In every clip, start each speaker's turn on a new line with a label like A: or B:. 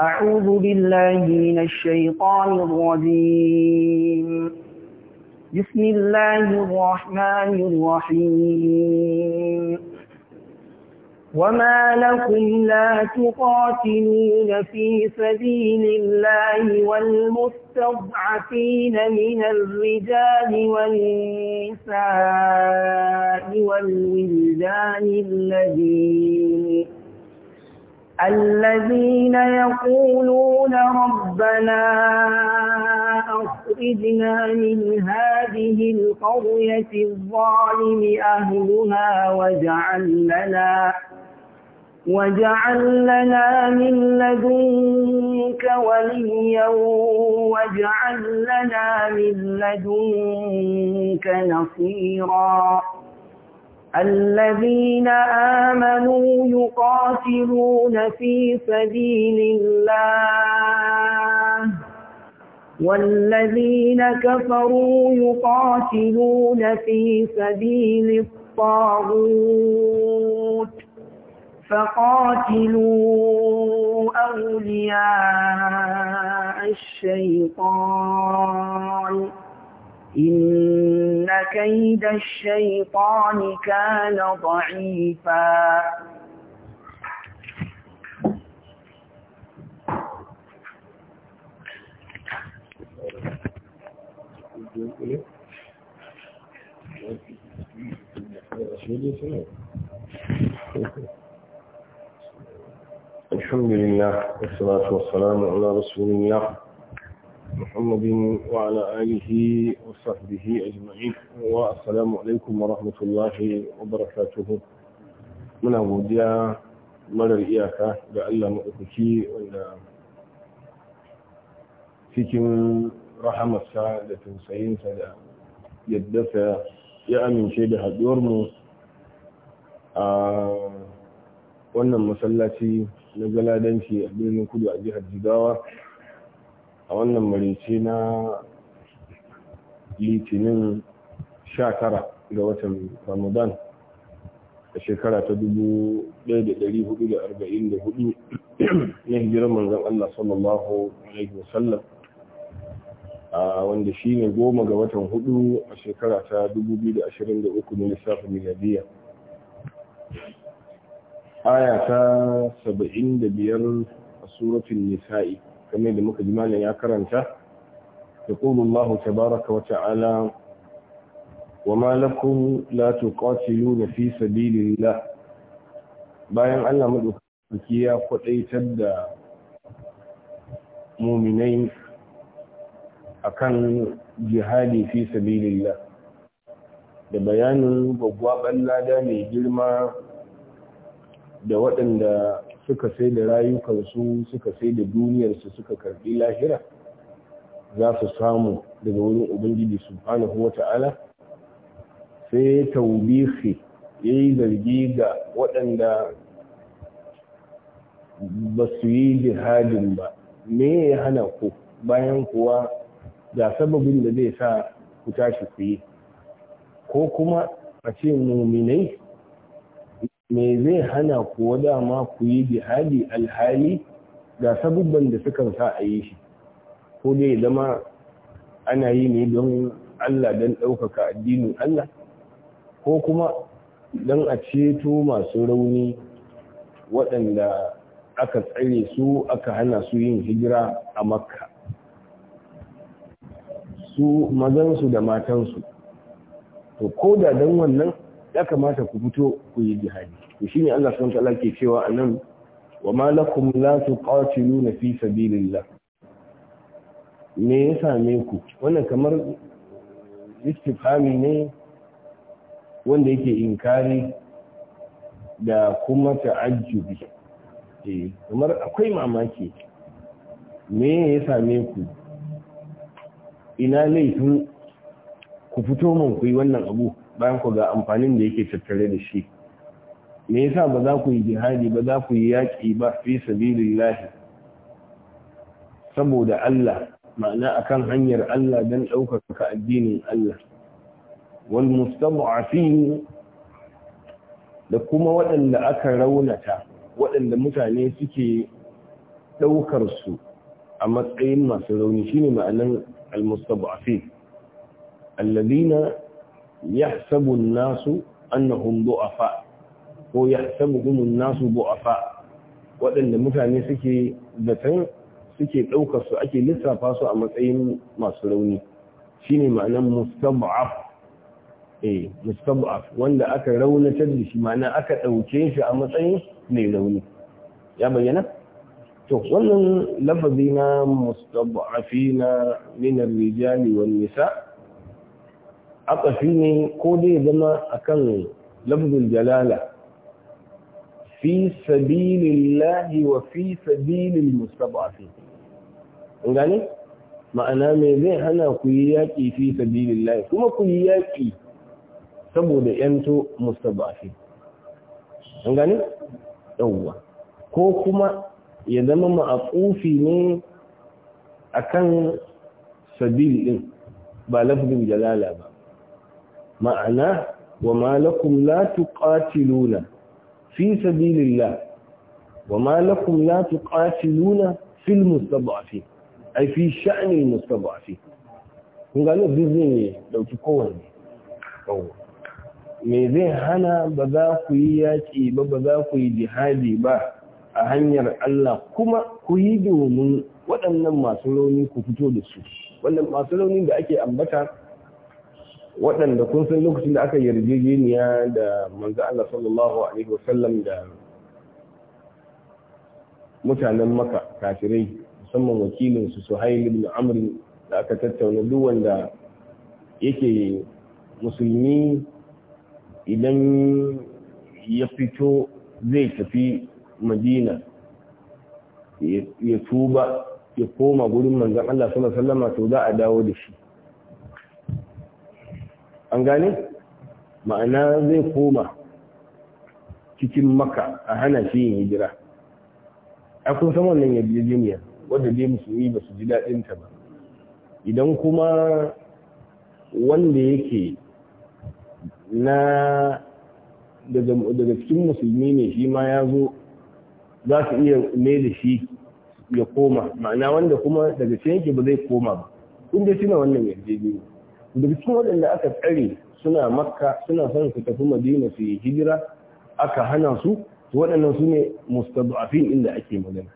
A: أعوذ بالله من الشيطان الرجيم بسم الله الرحمن الرحيم وما لكم لا تقاتلون في سبيل الله والمستضعفين من الرجال والنساء والولدان الذين الذين يقولون ربنا أخرجنا من هذه القرية الظالم أهلها واجعل لنا واجعل لنا من لدنك وليا واجعل لنا من لدنك نصيرا الذين آمنوا يقاتلون في سبيل الله والذين كفروا يقاتلون في سبيل الطاغوت فقاتلوا أولياء الشيطان إن كيد الشيطان كان ضعيفا
B: الحمد لله والصلاة والسلام على رسول الله محمد وعلى آله وصحبه أجمعين والسلام عليكم ورحمة الله وبركاته من أبوديا marar iyaka da Allah maɗaukaki wanda cikin rahamarsa da tausayinsa da yaddasa ya amince da haɗuwarmu a wannan masallaci na galadanci a birnin kudu a jihar jigawa a wannan marice na litinin 19 ga watan ramadan a shekara ta 1444 na hijirar manzan Allah sallallahu Alaihi wasallam wanda shi ne goma ga watan hudu a shekara ta 2023 na lissafin miliyadiyya aya ta 75 a suratun nisa'i kamar da muka ji malam ya karanta يقول الله تبارك wa malakun latu لا na fi sabilin la bayan Allah madaukaki ya kwadaitar da muminai a kan jihadi fi la da bayanin babban lada mai girma da waɗanda suka sai da rayukansu suka sai da duniyarsu suka karbi lahira za su samu daga wurin ubangiji subhanahu wa ta'ala sai taubihi ya yi zargi ga waɗanda ba su yi jihadin ba me ya hana ku bayan kuwa ga sababin da zai sa ku tashi ku yi ko kuma a ce muminai me zai hana kuwa dama ku yi jihadi alhali ga sabubban da sukan sa a yi shi ko dai zama ana yi ne don Allah don ɗaukaka addinin Allah ko kuma don a ceto masu rauni waɗanda aka tsare su aka hana su yin hijira a makka su mazansu da matansu to ko da don wannan ya kamata ku fito ku yi jihadi to shine Allah subhanahu wataala ke cewa anan wa ma lakum la tuqatiluna fi sabilillah me ya same ku wannan kamar istifhami ne wanda yake inkari da kuma ta'ajjubi eh kamar akwai mamaki me ya same ku ina laifin ku fito mun ku yi wannan abu bayan ku ga amfanin da yake tattare da shi me yasa ba za ku yi jihadi ba za ku yi yaƙi ba fi sabilillahi saboda Allah ma'ana akan hanyar Allah don ɗaukaka addinin Allah wal mustad'afin da kuma waɗanda aka raunata waɗanda mutane suke ɗaukar su a matsayin masu rauni shine ma'anar al mustad'afin alladhina يحسب الناس أنهم ضعفاء ko sabu an-nasu bu'afa waɗanda mutane suke zaton suke ɗaukar su ake lissafa su a matsayin masu rauni shine ma'anar mustab'af eh mustab'af wanda aka raunatar da shi ma'ana aka ɗauke shi a matsayin mai rauni ya bayyana to wannan lafazi na mustab'afina min ar-rijali wan-nisa' fi ne ko dai zama akan lafzin jalala fi sabilillahi wa fi Mustapha mustad'afin Gani ma'ana me zai hana ku yi yaƙi fi sabilillahi kuma ku yi yaƙi saboda yanto Mustapha fi Gani yauwa ko kuma ya zama ma'aqufi ne akan sabil din ba lafzin jalala ba ma'ana wa malakum la tuqatiluna fi sabilillah wa malakum la tuqatiluna fil mustad'afin ai fi sha'nil mustad'afin kun gano bizin ne dauki kowanne me zai hana ba za ku yi yaƙi ba ba za ku yi jihadi ba a hanyar Allah kuma ku yi domin waɗannan masu rauni ku fito da su wannan masu rauni da ake ambata waɗanda kun san lokacin da aka yarjejeniya da manzo Allah sallallahu alaihi wasallam da mutanen maka kafirai musamman wakilin su Suhail ibn Amr da aka tattauna duk wanda yake musulmi idan ya fito zai tafi Madina ya tuba ya koma gurin manzon Allah sallallahu alaihi wasallam to za a dawo da shi an gane ma'ana zai koma cikin maka a hana shi yin hijira a kun san wannan yarjejeniyar wadda dai musulmi ba su ji daɗinta ba idan kuma wanda yake na daga cikin musulmi ne shi ma ya zo za su iya mai da shi ya koma ma'ana wanda kuma daga cikin yake ba zai koma ba kun dai na wannan yarjejeniya daga cikin waɗanda aka tsare suna makka suna son su tafi madina su yi hijira aka hana su waɗannan su ne mustad'afin inda ake magana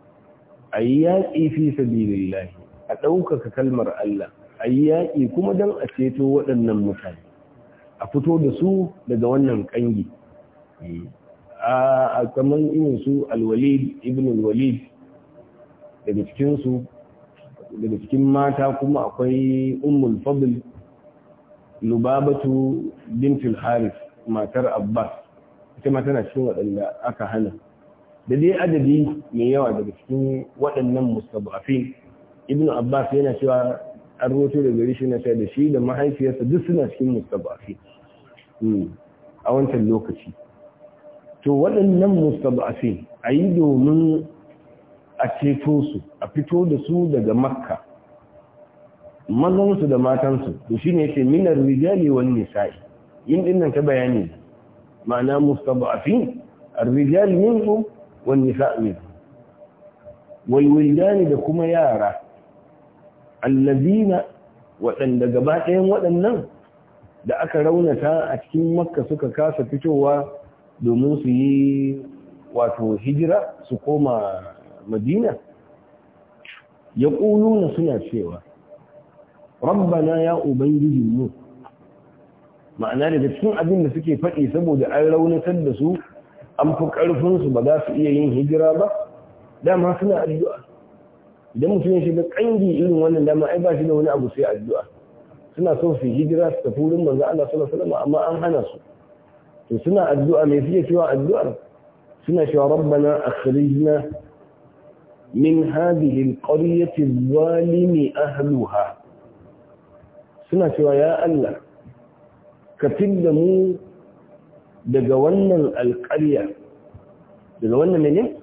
B: a yi yaƙi fi sabilillahi a ɗaukaka kalmar Allah a yi yaƙi kuma don a ceto waɗannan mutane a fito da su daga wannan ƙangi a kamar irin su alwalid ibn alwalid daga cikinsu daga cikin mata kuma akwai ummul fadl lubabatu bintul harif matar abbas ita ma tana cikin waɗanda aka hana da dai adadi mai yawa daga cikin waɗannan mustabafin ibn abbas yana cewa an roto da gari shi na da shi da mahaifiyarsa duk suna cikin mustadafin hmm, a wancan lokaci to waɗannan mustabafin a yi domin a ceto su a fito da su daga makka mazansu da matansu to shine yake minar rijali wal nisa'i yin dinnan ta bayani ma'ana mustaba'afin ar-rijal minhum wal nisa'u minhum wal wildan da kuma yara allazina waɗanda gaba ɗayan waɗannan da aka raunata a cikin makka suka kasa fitowa domin su yi wato hijira su koma madina ya ƙuluna suna cewa rabbana ya ubangijinmu mu ma'ana daga cikin abin da suke faɗi saboda an raunatar da su an fi ƙarfinsu ba za su iya yin hijira ba dama suna addu'a idan mutum ya shiga ƙangi irin wannan dama ai ba shi da wani abu sai addu'a suna so su hijira su tafi wurin manzo Allah sallallahu alaihi wasallam amma an hana su to suna addu'a mai fiye cewa addu'ar suna cewa rabbana akhrijna min hadhihi alqaryati adh-dhalimi ahluha suna cewa ya Allah ka da mu daga wannan alƙarya daga wannan ne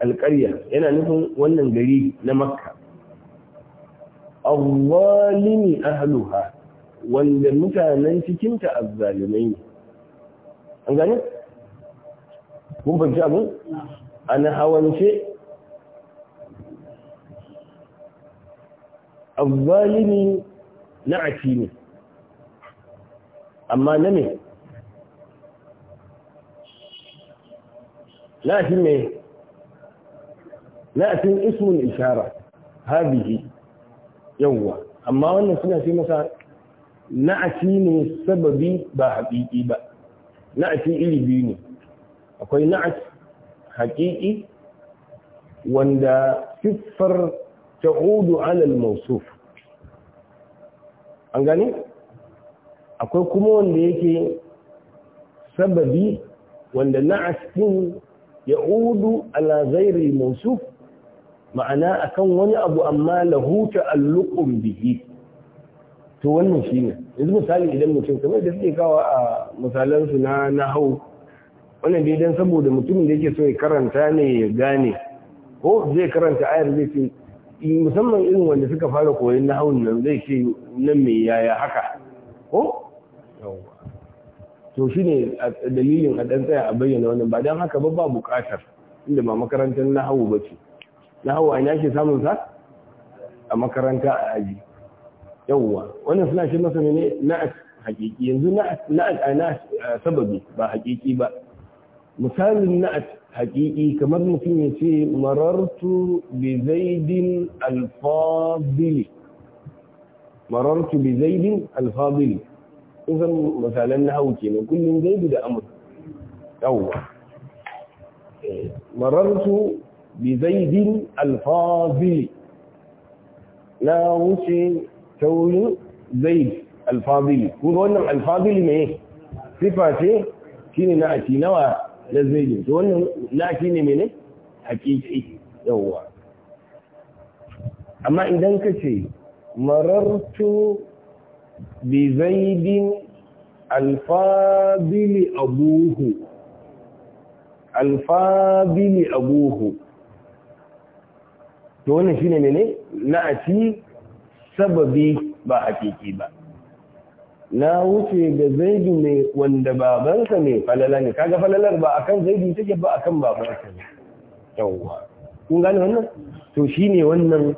B: alƙarya yana nufin wannan gari na makka awwalini ahluha wanda mutanen cikinta azzalimai ne an gane? kun fahimci abu? ana hawance azzalimi na afi ne amma na me na afi me na afin ismun ishara habihi yawwa amma wannan suna ce masa na afi ne sababi ba haƙiƙi ba na afi iri biyu ne akwai na'at haƙiƙi wanda siffar ta'udu alal mausuf an gani akwai kuma wanda yake sababi wanda na din ya udu ala ghairi mawsuf ma'ana akan wani abu amma lahu ta'alluqun bihi to wannan shine yanzu misali idan mutum kamar da suke kawo a misalan su na nahau wannan dai dan saboda mutumin da yake so ya karanta ne ya gane ko zai karanta ayar zai ce musamman irin wanda suka fara koyon nahawun nan zai ce nan mai yaya haka ko to shi ne dalilin a ɗan tsaya a bayyana wannan ba don haka ba ba inda ba makarantar na hau ba ce na hau an yake samun sa a makaranta a aji yawwa wannan suna shi masa ne na hakiki yanzu na na sababi ba hakiki ba misalin na'at haƙiƙi kamar mutum ya ce marartu bi zaidin alfabili marartu bi zaidin alfabili kusan misalan na hau kenan kullum zaidu da amur yawwa marartu bi zaidin alfabili na wuce ta zaid alfabili kuma wannan alfabili mai sifa ce shine na ati nawa na zaidin to wannan na shi ne mene hakiki yawwa amma idan ka ce marartu bi zaidin alfabili abuhu alfabili abuhu to wannan shi ne mene na a ci sababi ba hakiki ba na wuce ga zaidi ne wanda babansa ne falala ne kaga falalar ba akan zaidi take ba akan babansa ne yawwa kun gane wannan to shine wannan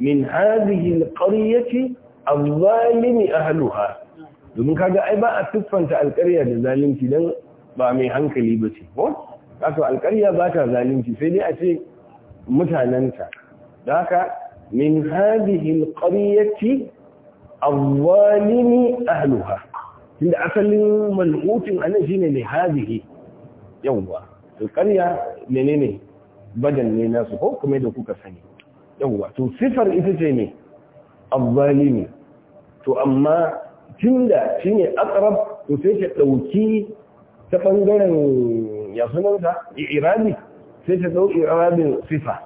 B: min hadhihi alqaryati adh-dhalimi ahluha domin kaga ai ba a tuffanta alqarya da zalunci dan ba mai hankali ba ce ko kato alqarya ba ta zalunci sai dai a ce mutanenta ta haka min hadhihi alqaryati awwalimi ahluha tunda asalin mal'utin anan shine ne hazihi yawwa alƙarya menene badan ne nasu ko kuma da kuka sani yawwa to sifar ita ce ne awwalimi to amma tunda shine aqrab to sai ta dauki ta bangaren ya sunanta irabi sai ta dau irabin sifa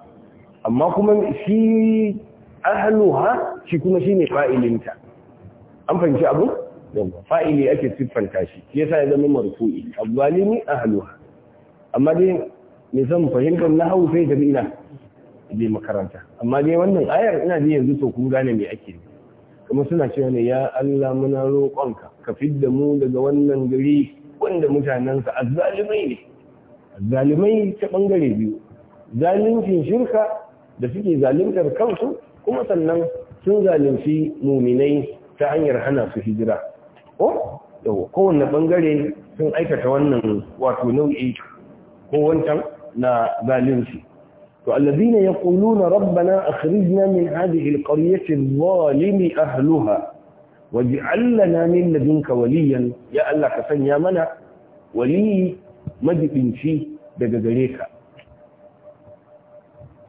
B: amma kuma shi ahluha shi kuma shine fa'ilinta an fahimci abu fa'ili ake siffanta shi shi yasa ya zama marfu'i a ahluha amma dai me zan fahimtar na hau sai da ina je makaranta amma dai wannan ayar ina ji yanzu to kun gane mai ake kuma suna cewa ne ya Allah muna roƙonka ka fidda mu daga wannan gari wanda mutanensa azzalimai ne azzalimai ta bangare biyu Zalimcin shirka da suke zaluntar kansu kuma sannan sun zalunci muminai ta hanyar hana su hijira ko bangare sun aikata wannan wato nau'i ko na zalunci to alladhina yaquluna rabbana akhrijna min hadhihi alqaryati adh ahluha waj'al lana min ladunka waliyan ya Allah ka sanya mana wali majibinci daga gare ka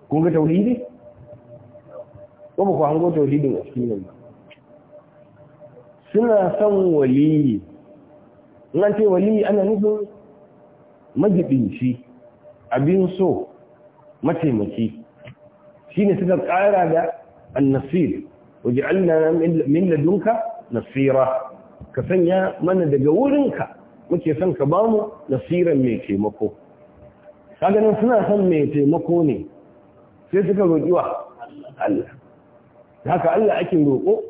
B: kun ga tauhidi ko ba ku hango tauhidin a cikin ba suna son waliyi in an ce waliyi ana nufin majibinci abin so mataimaki shine suka ƙara da annasir waje alna min ladunka nasira ka sanya mana daga wurinka muke son ka bamu nasiran mai taimako kaganin suna son mai taimako ne sai suka roƙiwa Allah haka Allah ake roƙo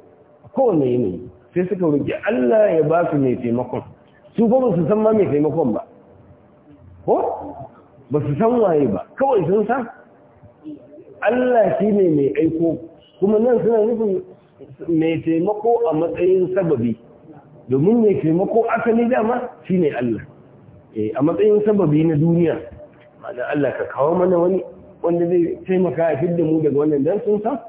B: kowane yanayi sai suka roƙi Allah ya ba su mai taimakon su ba su san ma mai taimakon ba ko ba su san waye ba kawai sun san Allah shi ne mai aiko kuma nan suna nufin mai taimako a matsayin sababi domin mai taimako asali dama shi ne Allah eh, a matsayin sababi na duniya ma'ana Allah ka kawo mana wani wanda zai taimaka a fidda mu daga wannan dan sun san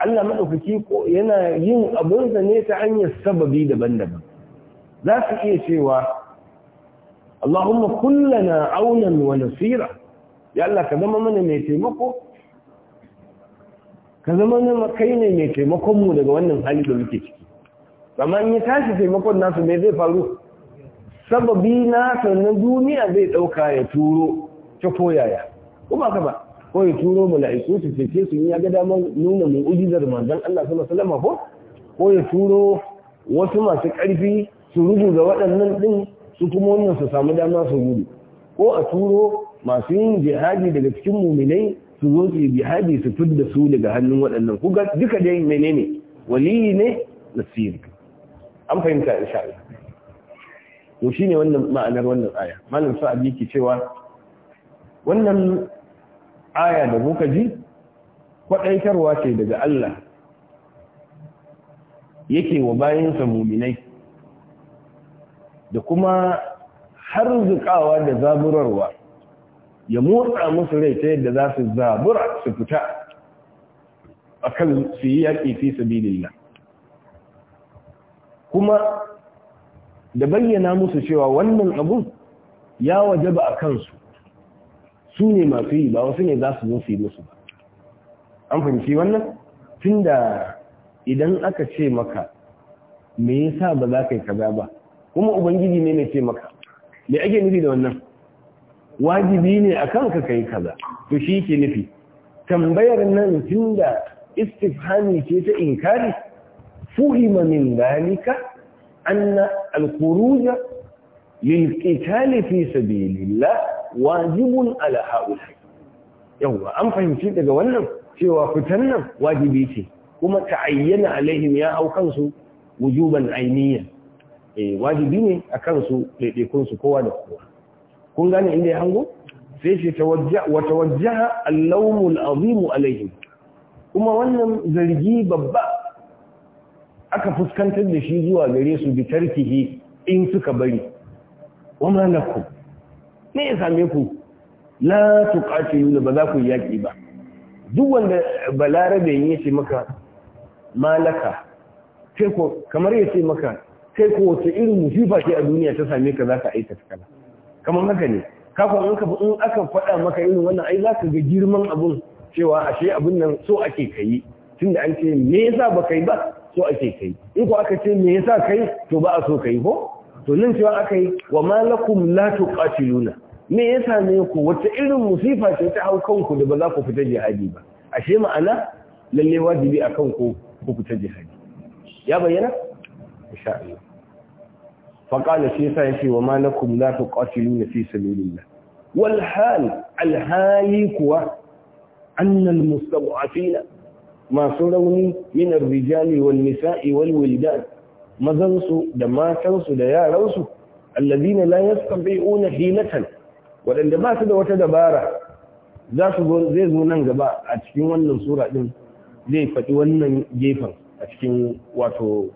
B: Allah maɗaukaki yana yin abunsa ne ta hanyar sababi daban-daban za su iya cewa Allahumma kullana aunan wa nasira ya Allah ka zama mana mai taimako ka zama mana kai ne mai taimakonmu daga wannan hali da muke ciki amma in ya tashi taimakon nasu mai zai faru sababi nasa na duniya zai ɗauka ya turo ta koyaya kuma ka ba ko ya turo mala'iku su cece su ya ga damar nuna mu'ujizar manzon Allah sallallahu alaihi wasallam ko ko ya turo wasu masu karfi su rubu ga waɗannan din su kuma wannan su samu dama su gudu ko a turo masu yin jihadi daga cikin muminai su zo su yi jihadi su fidda su daga hannun waɗannan ku ga duka dai menene waliyi ne nasiri an fahimta insha Allah to shine wannan ma'anar wannan aya malam sa'adi ki cewa wannan aya da muka ji kwadaitarwa ce daga Allah yake wa bayansa muminai da kuma har zukawa da zaburarwa ya motsa musu rai ta yadda za su zabura su fita a kan su yi yaƙi fi sabilillah kuma da bayyana musu cewa wannan abun ya wajaba a kansu su ne masu yi ba wasu ne za su zo su yi musu ba an fahimci wannan tun da idan aka ce maka me yasa ba za ka yi kaza ba kuma ubangiji ne mai ce maka me ake nufi da wannan wajibi ne a kanka kai kaza to shi ke nufi tambayar nan tun da istifhami ce ta inkari fuhima min dalika anna al-khuruj lil qitali fi sabilillah wajibun ala haula yawa an fahimci daga wannan cewa fitan nan wajibi ce kuma ta ayyana alaihim ya hau kansu wujuban ainiya eh wajibi ne a kansu kun su kowa da kowa kun gane inda ya hango sai ce tawajja wa tawajjaha al al azim alaihim kuma wannan zargi babba aka fuskantar da shi zuwa gare su bi tarkihi in suka bari wa malakum ne ya same ku la tuqatilu ba za ku yaki ba duk wanda balarabe ya ce maka malaka kai ko kamar ya ce maka kai ko wace irin musifa ce a duniya ta same ka za ka aikata kala kamar haka ne ko in ka in aka faɗa maka irin wannan ai za ka ga girman abun cewa ashe abun nan so ake kai tunda an ce me yasa ba kai ba so ake kai in ko aka ce me yasa kai to ba a so kai ko to nan cewa aka yi wa malakum la tuqatiluna me yasa ne ku wata irin musifa ce ta hau kanku da ba za ku fita jihadi ba ashe ma'ana lalle wajibi a kanku ku fita jihadi ya bayyana insha Allah fa qala shi yasa yace wa malakum la tuqatiluna fi sabilillah wal hal al hali kuwa anna al mustad'afina ma surauni min ar-rijali wan nisa'i wal wildan mazansu da matansu da yaransu allazina la yastabi'una hilatan wadanda ba su da wata dabara za su zai zo nan gaba a cikin wannan sura din zai faɗi wannan gefen a cikin wato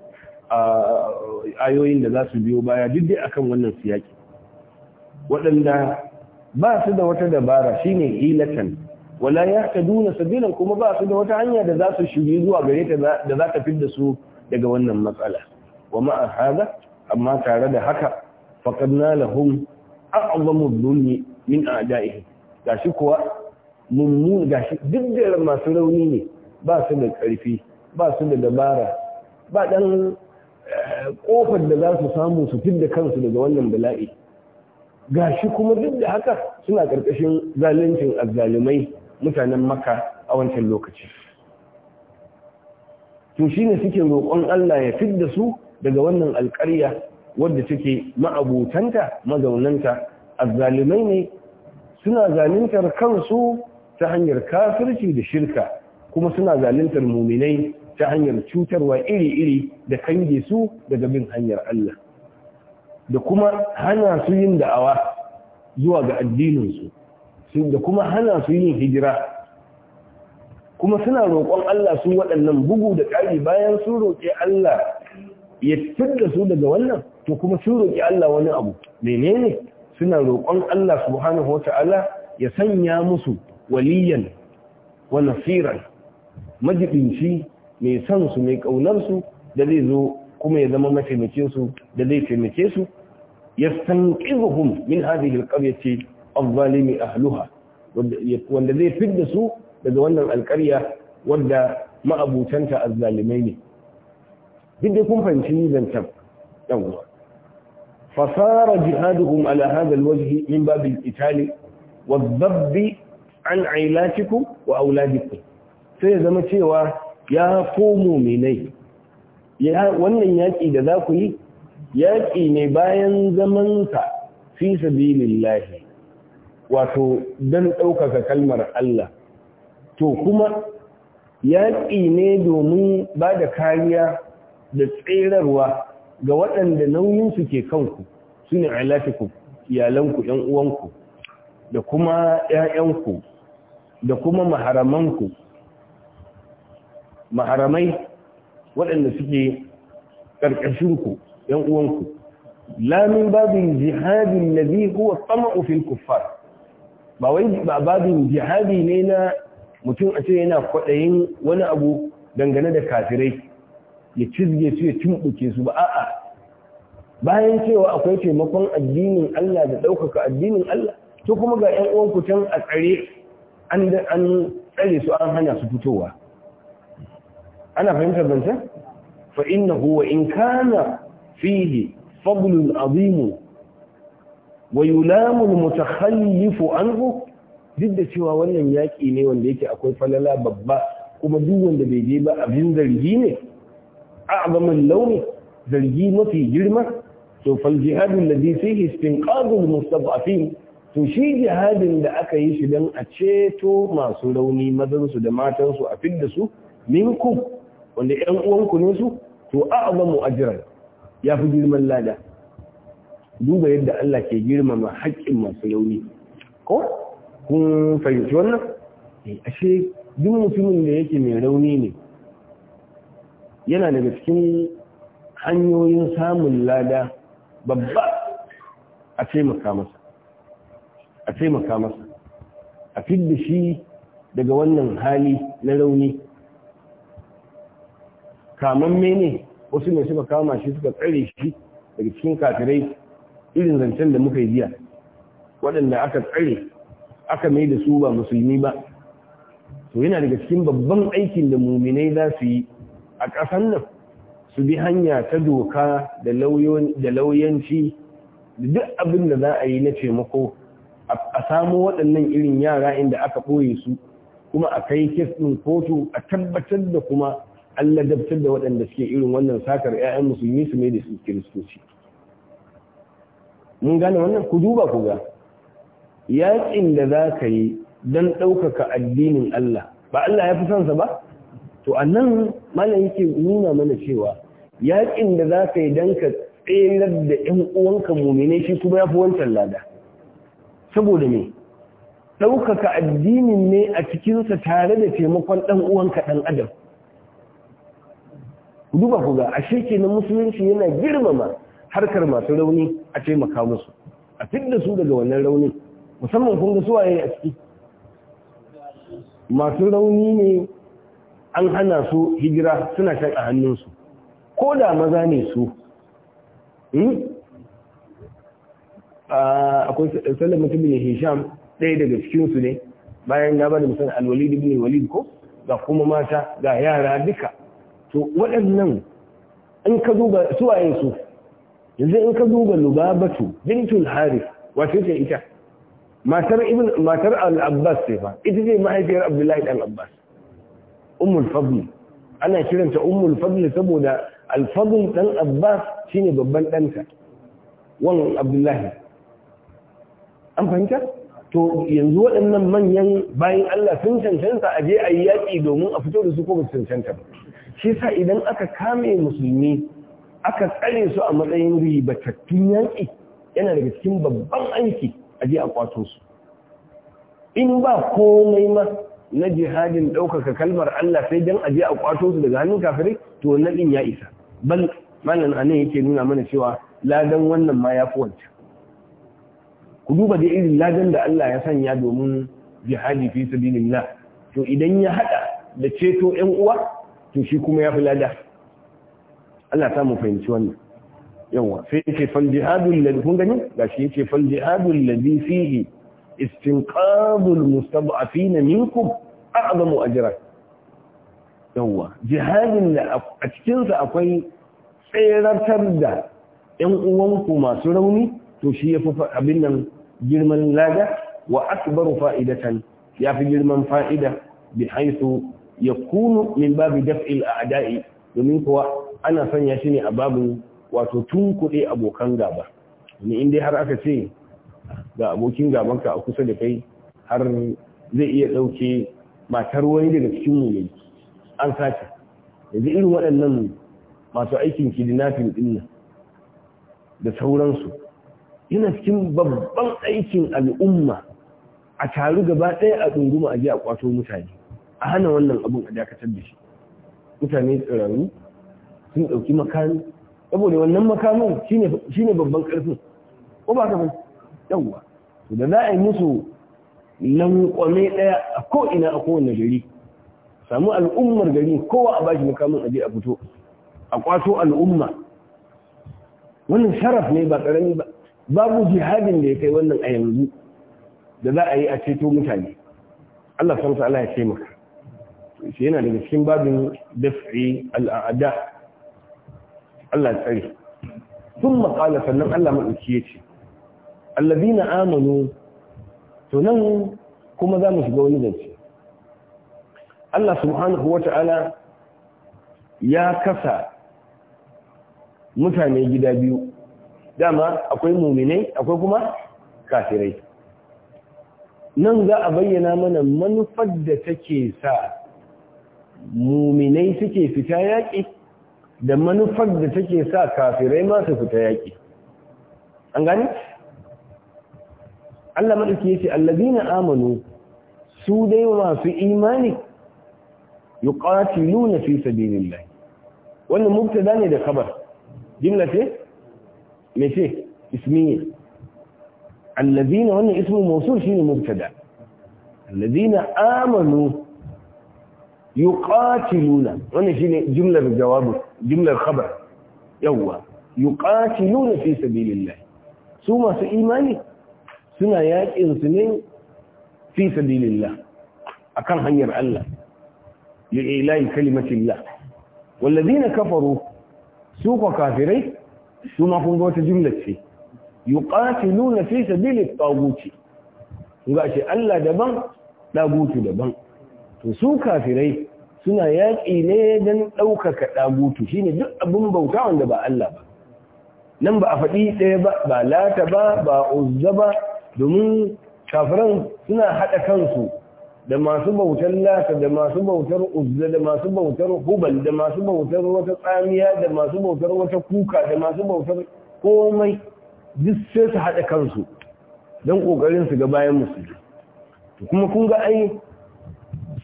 B: ayoyin da za su biyo baya duk dai akan wannan siyaki wadanda ba su da wata dabara shine hilatan wala yahtaduna sabilan kuma ba su da wata hanya da za su shige zuwa gare ta da za ta fidda su daga wannan matsala wa ma'a hada amma tare da haka faqad nalahum a'zamu dhulmi min a'da'ihi gashi kuwa mummun gashi duk da masu rauni ne ba su da karfi ba su da dabara ba dan kofar eh, da za su samu su fidda kansu daga wannan bala'i gashi kuma duk da haka suna karkashin zaluncin azzalumai mutanen Makka a wancan lokaci to shine suke roƙon Allah ya fidda su daga wannan alƙarya wadda take ma'abutanta mazaunanta azzalimai ne suna zaluntar kansu ta hanyar kafirci da shirka kuma suna zaluntar muminai ta hanyar cutarwa iri-iri da kange su daga bin hanyar Allah da kuma hana su yin da'awa zuwa ga addininsu da kuma hana su yin hijira kuma suna roƙon Allah su waɗannan bugu da ƙari bayan sun roƙe Allah ya da su daga wannan to kuma sun roƙi Allah wani abu menene suna roƙon Allah subhanahu wata'ala ya sanya musu waliyan wa nasiran majibinci mai san su mai kaunar su da zai zo kuma ya zama mataimakin su da zai taimake su yastanqizuhum min hadhihi alqaryati adh-dhalimi ahluha wanda zai fidda su daga wannan alƙarya wadda ma'abutanta azzalimai ne duk dai kun fahimci zancen yawwa fasara jihaduhum ala hadha alwajh min babin itali qital wa dhabb an ailatikum wa auladikum sai zama cewa ya komo mu'minai wannan yaƙi da za ku yi yaƙi ne bayan zaman ka fi sabilillah wato dan ɗaukaka kalmar Allah to kuma yaƙi ne domin ba da kariya da tserarwa ga waɗanda nauyinsu ke kanku su ne alatiku iyalanku ‘yan uwanku da kuma ‘ya'yanku da kuma maharamanku maharamai waɗanda suke ƙarƙashinku ‘yan uwanku lamin babin jihadin na huwa sama ofin kuffar ba wai babin jihadi ne na mutum a ce yana kwaɗayin wani abu dangane da kafirai ya cizge su ya tumɓuke su ba a'a bayan cewa akwai taimakon addinin Allah da ɗaukaka addinin Allah to kuma ga ƴan uwanku can a tsare an tsare su an hana su fitowa ana fahimtar zancen fa inna huwa in kana fihi fadlun azim wa yulamu mutakhallif anhu duk da cewa wannan yaƙi ne wanda yake akwai falala babba kuma duk wanda bai je ba abin zargi ne a'zamal launi zargi mafi girma to ladisi jihadu alladhi fihi istinqadhu almustad'afin to shi jihadin da aka yi shi dan a ceto masu rauni mazan su da matan su a fidda su minkum wanda ƴan uwanku ne su to a'zamu ajran ya fi girman lada duba yadda Allah ke girmama haƙƙin masu rauni ko kun fahimci wannan ashe duk mutumin da yake mai rauni ne yana daga cikin hanyoyin samun lada babba a taimaka masa a taimaka masa a fidda shi daga wannan hali na rauni Kamar mene wasu ne suka kama shi suka tsare shi daga cikin katirai irin zancen da muka yi jiya waɗanda aka tsare aka mai da su ba musulmi ba to yana daga cikin babban aikin da muminai za su yi a ƙasan nan su bi hanya ta doka da lauyanci da duk abin da za a yi na taimako a samo waɗannan irin yara inda aka ɓoye su kuma a kai kes ɗin kotu a tabbatar da kuma an ladabtar da waɗanda suke irin wannan sakar 'ya'yan musulmi su mai da su kiristoci mun gane wannan ku duba ku ga yaƙin da za ka yi don ɗaukaka addinin Allah ba Allah ya fi son sa ba to annan malam yake nuna mana cewa yaƙin da za ka yi don ka tserar da ‘yan uwanka mummune shi kuma ya fi wancan lada saboda me ɗaukaka addinin ne a cikinsa tare da taimakon ɗan uwanka ɗan adam duba ku ga ashe na musulunci yana girmama harkar masu rauni a taimaka musu a fidda su daga wannan rauni musamman kun ga suwaye a ciki masu rauni ne an hana su hijira suna can a hannunsu ko da maza ne su hmm? akwai sallar mutum ne hisham ɗaya daga cikinsu ne bayan gaba da musamman alwalidi, bin walid ko ga kuma mata ga yara duka to waɗannan in ka duba suwaye su yanzu in ka duba lubabatu bintul harith wace ce ita matar al-abbas ce fa ita ce mahaifiyar abdullahi Dan abbas ummul fadl ana kiranta ummul fadl saboda alfadl dan abbas shine babban ɗanta wan abdullahi an fahimta to yanzu waɗannan manyan bayan Allah sun cancanta a je a yi yaƙi domin a fito da su ko ba cancanta ba shi sa idan aka kame musulmi aka tsare su a matsayin ribatattun yaƙi yana daga cikin babban aiki a je a kwato su in ba komai ma na jihadin ɗaukaka kalmar Allah sai dan aje a kwato su daga hannun kafirai to wannan din ya isa bal malam anan yake nuna mana cewa ladan wannan ma ya fi wancan ku duba da irin ladan da Allah ya sanya domin jihadi fi sabilillah to idan ya hada da ceto ƴan uwa to shi kuma ya fi lada Allah ta mu fahimci wannan yawa sai yake fal jihadul ladhi kun gani gashi yake fal jihadul ladhi fihi istinqadul mustad'afina minkum a'zamu ajran yawa jihadin da a cikin sa akwai tseratar da ƴan uwanku masu rauni to shi yafi abin nan girman lada wa akbaru fa'idatan yafi girman fa'ida bi haythu yakunu min babu daf'il a'da'i domin kuwa ana sanya shi ne a babin wato tun abokan gaba ni in dai har aka ce ga abokin gabanka a kusa da kai har zai iya ɗauke matar wani daga cikin mu an sace yanzu irin waɗannan masu aikin kidnapping din nan da sauransu yana cikin babban aikin al'umma a taru gaba ɗaya a ɗunguma a je a kwato mutane a hana wannan abin a dakatar da shi mutane tsirarru sun ɗauki makami saboda wannan makamin shine babban ƙarfin ko ba ka fahimta yawwa da za a yi musu lankwame ɗaya a ko'ina a kowane gari samu al'ummar gari kowa a bashi makamun aje a fito a kwato al'umma wannan sharaf ne ba ƙarami ba babu jihadin da ya kai wannan a yanzu da za a yi a ceto mutane Allah san sa Allah ya ce maka shi yana daga cikin babin daf'i al'ada Allah tsare sun maƙala sannan Allah maɗauki ya ce allazina amanu to nan kuma za mu shiga wani zance Allah subhanahu wata'ala ya kasa mutane gida biyu dama akwai muminai akwai kuma kafirai nan za a bayyana mana manufar da take sa muminai suke fita yaƙi da manufar da take sa kafirai ma su fita yaƙi an gani Allah ya ce, Allah allazina amanu su dai masu imani yuqatiluna fi sabilillah wannan mubtada ne da kabar. jumla ce me ce Allah allazina wannan ismu mawsul shine mubtada allazina amanu yuqatiluna wannan shine jimlar jawabu jumlar khabar yawa yuqatiluna fi sabilillah su masu imani suna yaƙin su ne fi sabilillah akan hanyar Allah li ilahi kalimatillah wallazina kafaru su ko kafirai su ma kun ga wata jumla ce yuqatiluna fi sabilit taguti ga shi Allah daban tagutu daban to su kafirai suna yaƙi ne don ɗaukaka ɗagutu shine duk abin bauta wanda ba Allah ba nan ba a faɗi ɗaya ba ba lata ba ba uzza ba domin kafiran suna haɗa kansu da masu bautar lata da masu bautar uzza da masu bautar hubal da masu bautar wata tsamiya da masu bautar wata kuka da masu bautar komai duk sai su haɗa kansu don ƙoƙarin su ga bayan musulmi kuma kun ga ai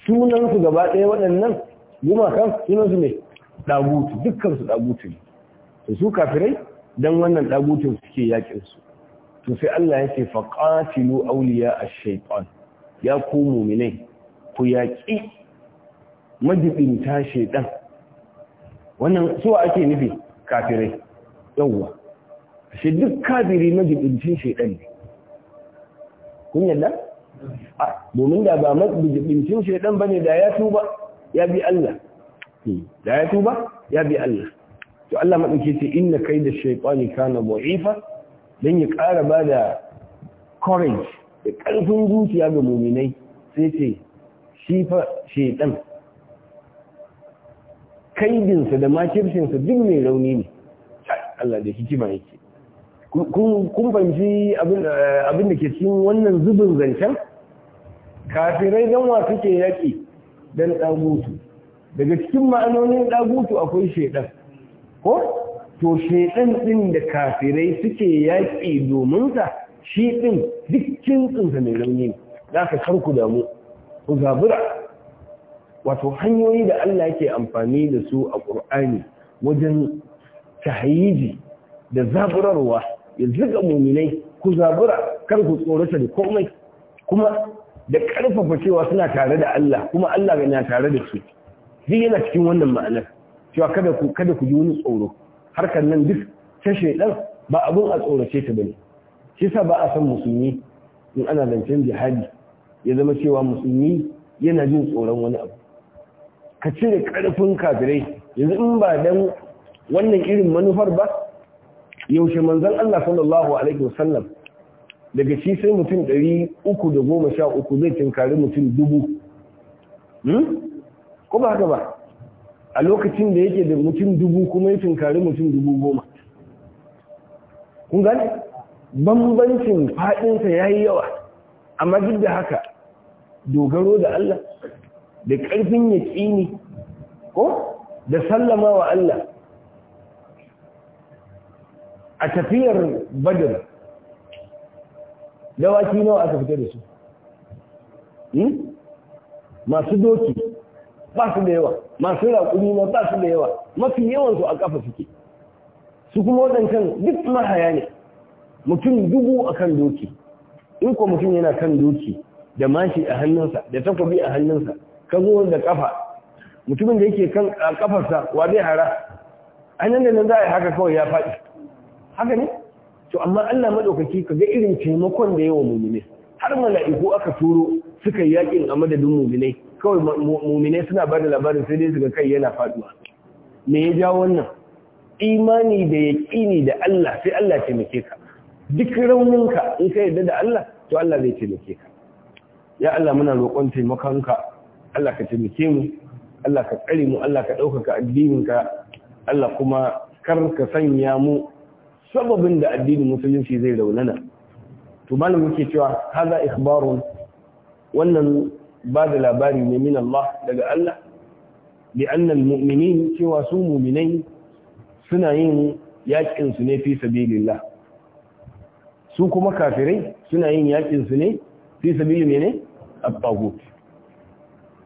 B: sunan su gaba ɗaya waɗannan gumakan sunan su ne dagutu dukkan su dagutu ne su kafirai don wannan dagutun suke yakin su to sai Allah ya ce faqatilu awliya ash-shaytan ya ku mu'minai ku majibin majibinta shaytan wannan so ake nufi kafirai yawwa shi duk kafiri majibincin shaytan ne kun yadda domin da ba majibincin shaytan bane da ya tuba ya bi Allah hmm. da ya tuba ya bi Allah to Allah madauke ce inna kaida shaytani kana mu'ifa don ya ƙara ba da courage da ƙarfin zuciya ga muminai sai ce shi fa kaidinsa da makirshinsa duk mai rauni ne Allah da hikima yake kun fahimci eh, abin da ke cikin wannan zubin zancen kafirai don wa ke yaƙi don ɗagutu daga cikin ma'anonin ɗagutu akwai shaidan ko to ɗan din da kafirai suke yaƙi domin sa shi din dukkin tsinsa mai rauni ne za ka karku damu ku zabura wato hanyoyi da Allah yake amfani da su a ƙur'ani wajen tahayiji da zaburarwa ya zuga muminai ku zabura kar ku tsorata da komai kuma da ƙarfafa cewa suna tare da Allah kuma Allah yana tare da su duk yana cikin wannan ma'anar cewa kada ku kada ku ji wani tsoro harkar nan duk ta ɗan ba abun a tsorace ta bane shi sa ba a san musulmi in ana zancen jihadi ya zama cewa musulmi yana jin tsoron wani abu ka cire karfin kafirai yanzu in ba dan wannan irin manufar ba yaushe manzon Allah sallallahu alaihi wasallam daga shi sai mutum 313 zai tinkari mutum dubu hmm? ko ba haka ba a lokacin da yake da mutum dubu kuma ya tunkari mutum dubu goma kun gane bambancin faɗinsa ya yi yawa amma duk da haka dogaro da Allah da ƙarfin ya yaƙini ko da sallama wa Allah a tafiyar badar dawaki nawa aka fita da su hmm? masu doki ba su da yawa masu raƙumi ma ba su da yawa mafi yawansu a ƙafa suke su kuma waɗancan duk mahaya ne mutum dubu a kan doki in ko mutum yana kan doki da mashi a hannunsa da takobi a hannunsa ka zo da ƙafa. mutumin da yake kan kafarsa wa zai hara a nan da nan za a yi haka kawai ya faɗi haka ne to amma Allah maɗaukaki ka ga irin taimakon da yawa mummune har mala'iku aka turo suka yi yakin a madadin muminai kawai muminai suna ba da labarin sai dai su suka kai yana faduwa me ya jawo wannan imani da yaƙini da Allah sai Allah taimake ka duk rauninka in ka yarda da Allah to Allah zai taimake ka ya Allah muna roƙon taimakonka Allah ka taimake mu Allah ka tsare mu Allah ka ɗaukaka addininka Allah kuma kar ka sanya mu sababin da addinin musulunci zai raunana to malam yake cewa haza ikhbarun wannan ba da labari ne min Allah daga Allah bi annal mu'minin cewa su mu'minai suna yin yaƙinsu ne fi sabilillah su kuma kafirai suna yin yaƙinsu ne fi sabili ne at-taghut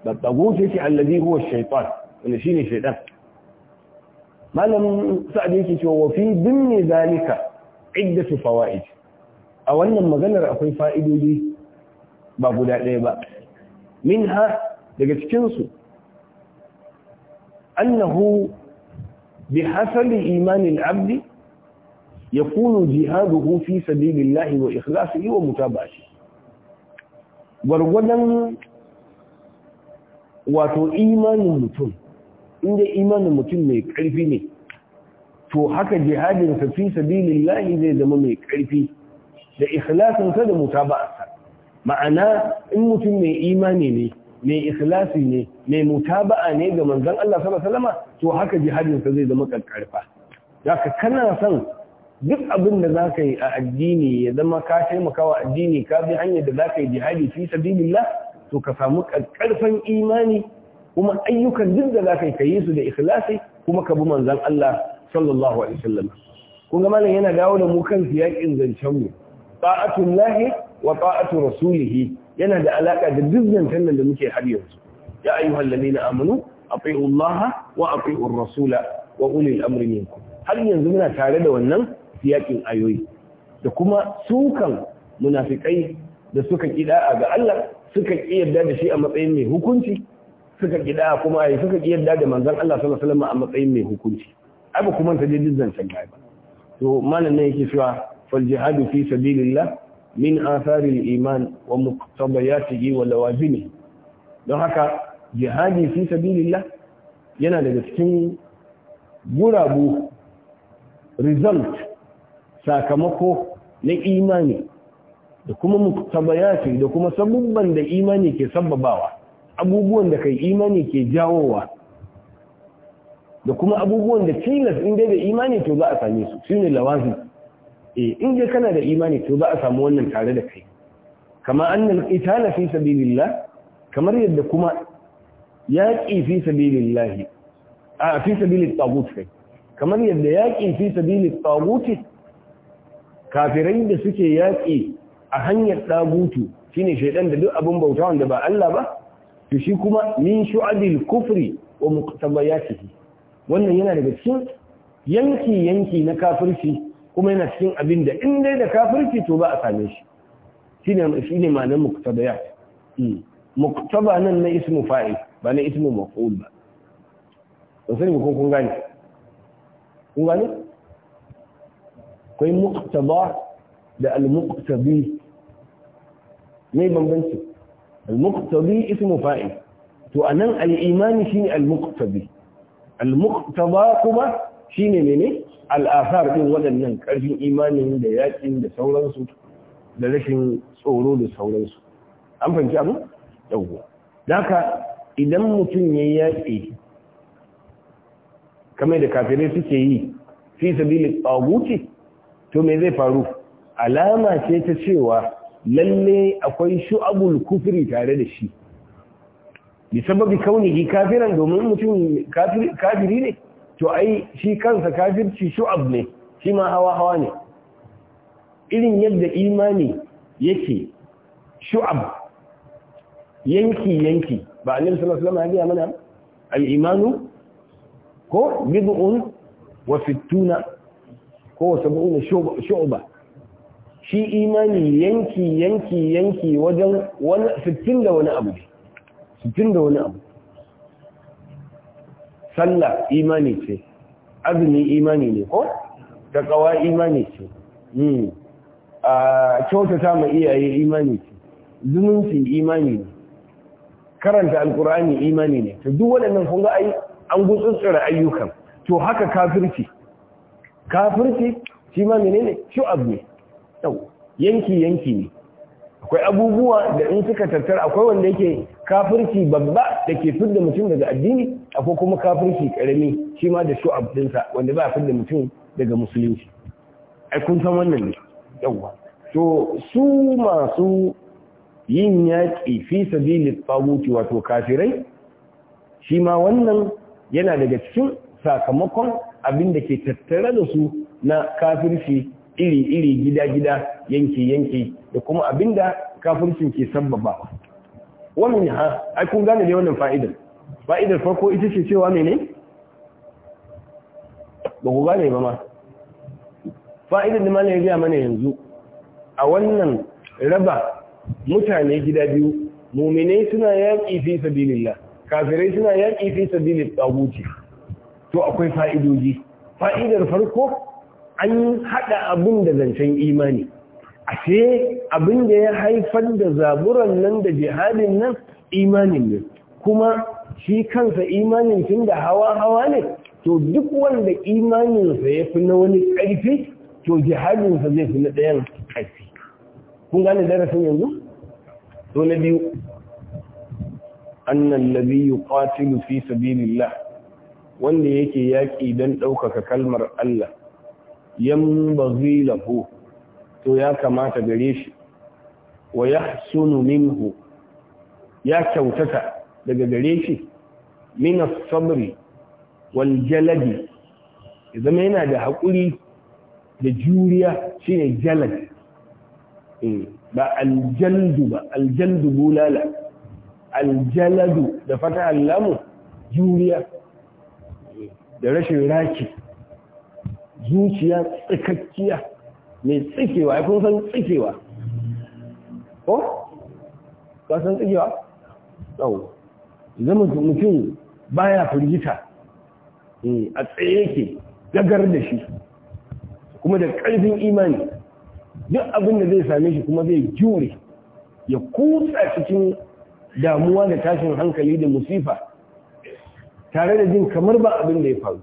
B: at-taghut yake allazi huwa ash-shaytan shi ne Shaiɗan? malam sa'ad yake cewa wa fi dimni zalika iddatu fawaid a wannan maganar akwai fa'idodi ba guda ɗaya ba minha daga cikinsu annahu bi hasabi imanin abdi yakunu jihaduhu fi sabilillahi wa ikhlasihi wa mutaba'ati gwargwadon wato imanin mutum inda imanin mutum mai ƙarfi ne to haka jihadin fi sabilillahi zai zama mai ƙarfi da da ma'ana in mutum mai imani ne mai ikhlasi ne mai mutaba'a ne ga manzon Allah sallallahu alaihi wasallama to haka jihadin sa zai zama karkarfa zaka kana son duk abin da zaka yi a addini ya zama ka taimaka wa addini ka bi hanyar da zaka yi jihadi fi sabilillah to ka samu kankarfan imani kuma ayyukan duk da zaka yi kayi su da ikhlasi kuma ka bi manzon Allah sallallahu alaihi wasallam kun ga malam yana dawo da mu kan siyakin zancen mu ta'atullahi wa ta'atu yana da alaka da duk zantan nan da muke har yanzu ya ayyuhal ladina amanu atiu Allah wa atiu rasula wa ulil amri minkum har yanzu muna tare da wannan siyakin ayoyi da kuma sukan munafikai da suka kida'a ga Allah suka kiyarda da shi a matsayin mai hukunci suka kida'a kuma ai suka kiyarda da manzon Allah sallallahu alaihi wasallam a matsayin mai hukunci ai ba kuma ta je duk to malamin yake cewa fal jihadu fi sabilillah min asarin iman wa muktabayatihi wa lawazimi don haka jihadi fi sabilillah yana daga cikin gurabu result sakamako na imani da kuma muktabayati da kuma sabubban da imani ke sababawa abubuwan da kai imani ke jawowa da kuma abubuwan da tilas inda da imani to za a same su shine lawazim eh in je kana da imani to za a samu wannan tare da kai kama annal qitala fi sabilillah kamar yadda kuma yaqi fi sabilillah a fi sabilit tagut kai kamar yadda yaqi fi sabilit tagut kafirai da suke yaqi a hanyar tagutu shine shaydan da duk abun bauta wanda ba Allah ba to shi kuma min shu'abil kufri wa muqtabayatihi wannan yana daga cikin yanki yanki na kafirci kuma yana cikin abin da in dai da kafirci to ba a same shi Shi ne ma'anar muqtadaya hmm. Muktaba nan na ismu fa'il ba na ismu maf'ul ba to sai ko kun gane kun gane kai muktaba da al-muqtabi mai bambanci al-muqtabi ismu fa'il to anan al-imani shi ne al-muqtabi al-muqtaba kuma shine menene al'asar ɗin waɗannan ƙarfin imanin da yaƙin da sauransu da rashin tsoro da sauransu an fahimci abu yauwa daga idan mutum ya yaƙe kamar da kafirai suke yi fi sabili tsaguci to me zai faru alama ce ta cewa lalle akwai shu'abul kufri tare da shi bi sababi kaunihi kafiran domin mutum kafiri ne to ai shi kansa kafirci shu'ab ne shi ma hawa hawa ne irin yadda imani yake shu'ab yanki yanki ba annabi sallallahu alaihi wasallam ya mana al-imanu ko bid'un wa fituna ko sabu'una shu'ba shi imani yanki yanki yanki wajen wani fitin da wani abu da wani abu Salla imani ce azumi imani ne ko Takawa imani ce hmm a kyautata ma iyaye imani ce zumunci imani ne karanta alkur'ani imani ne to duk waɗannan kun ga ai an gutsutsura ayyukan to haka kafirci kafirci shi ma menene shi ne yanki yanki ne akwai abubuwa da in suka tattara. akwai wanda yake kafirci babba da ke fidda mutum daga addini akwai kuma kafirci karami shi ma da shu'ab dinsa wanda ba fidda mutum daga musulunci ai kun san wannan ne yawa to su masu yin yaƙi fi sabilit taguti wato kafirai shi ma wannan yana daga cikin sakamakon abin da ke tattare da su na kafirci iri-iri gida-gida yanki-yanki da kuma abin da kafircin ke sabbabawa wa ha? ai kun gane ne wannan fa'idar fa'idar farko ita ce cewa menene ba ku gane ba ma fa'idar da malam ya ga mana yanzu a wannan raba mutane gida biyu muminai suna yaƙi fi sabilillah kafirai suna yaƙi fi sabilillah tsaguci to akwai fa'idoji fa'idar farko an haɗa abun da zancen imani ashe abin da ya haifar da zaburan nan da jihadin nan imanin ne kuma shi kansa imanin tun da hawa-hawa ne to duk wanda imaninsa ya fi na wani ƙarfi to jihadinsa zai fi na ɗayan ƙarfi kun gane darasin yanzu? to na biyu annan Labiyu yi fi sabilillah wanda yake yaƙi don ɗaukaka kalmar Allah yan bazilahu to ya kamata gare shi wa sunu minhu ya kyautata daga gare shi mina sabri wal jaladi idan yana da hakuri da juriya shine jalad hmm, ba aljaldu ba aljaldu bulala aljaladu da fata allamu juriya da rashin raki zuciya tsakakkiya mai tsikewa ya kun san tsikewa ko? ka san tsikewa? tsawo idan mutum ya firgita eh, a tsaye yake gagar da shi kuma da ƙarfin imani duk abin da zai same shi kuma zai jure ya kutsa cikin damuwa da tashin hankali da musifa tare da jin kamar ba abin da ya faru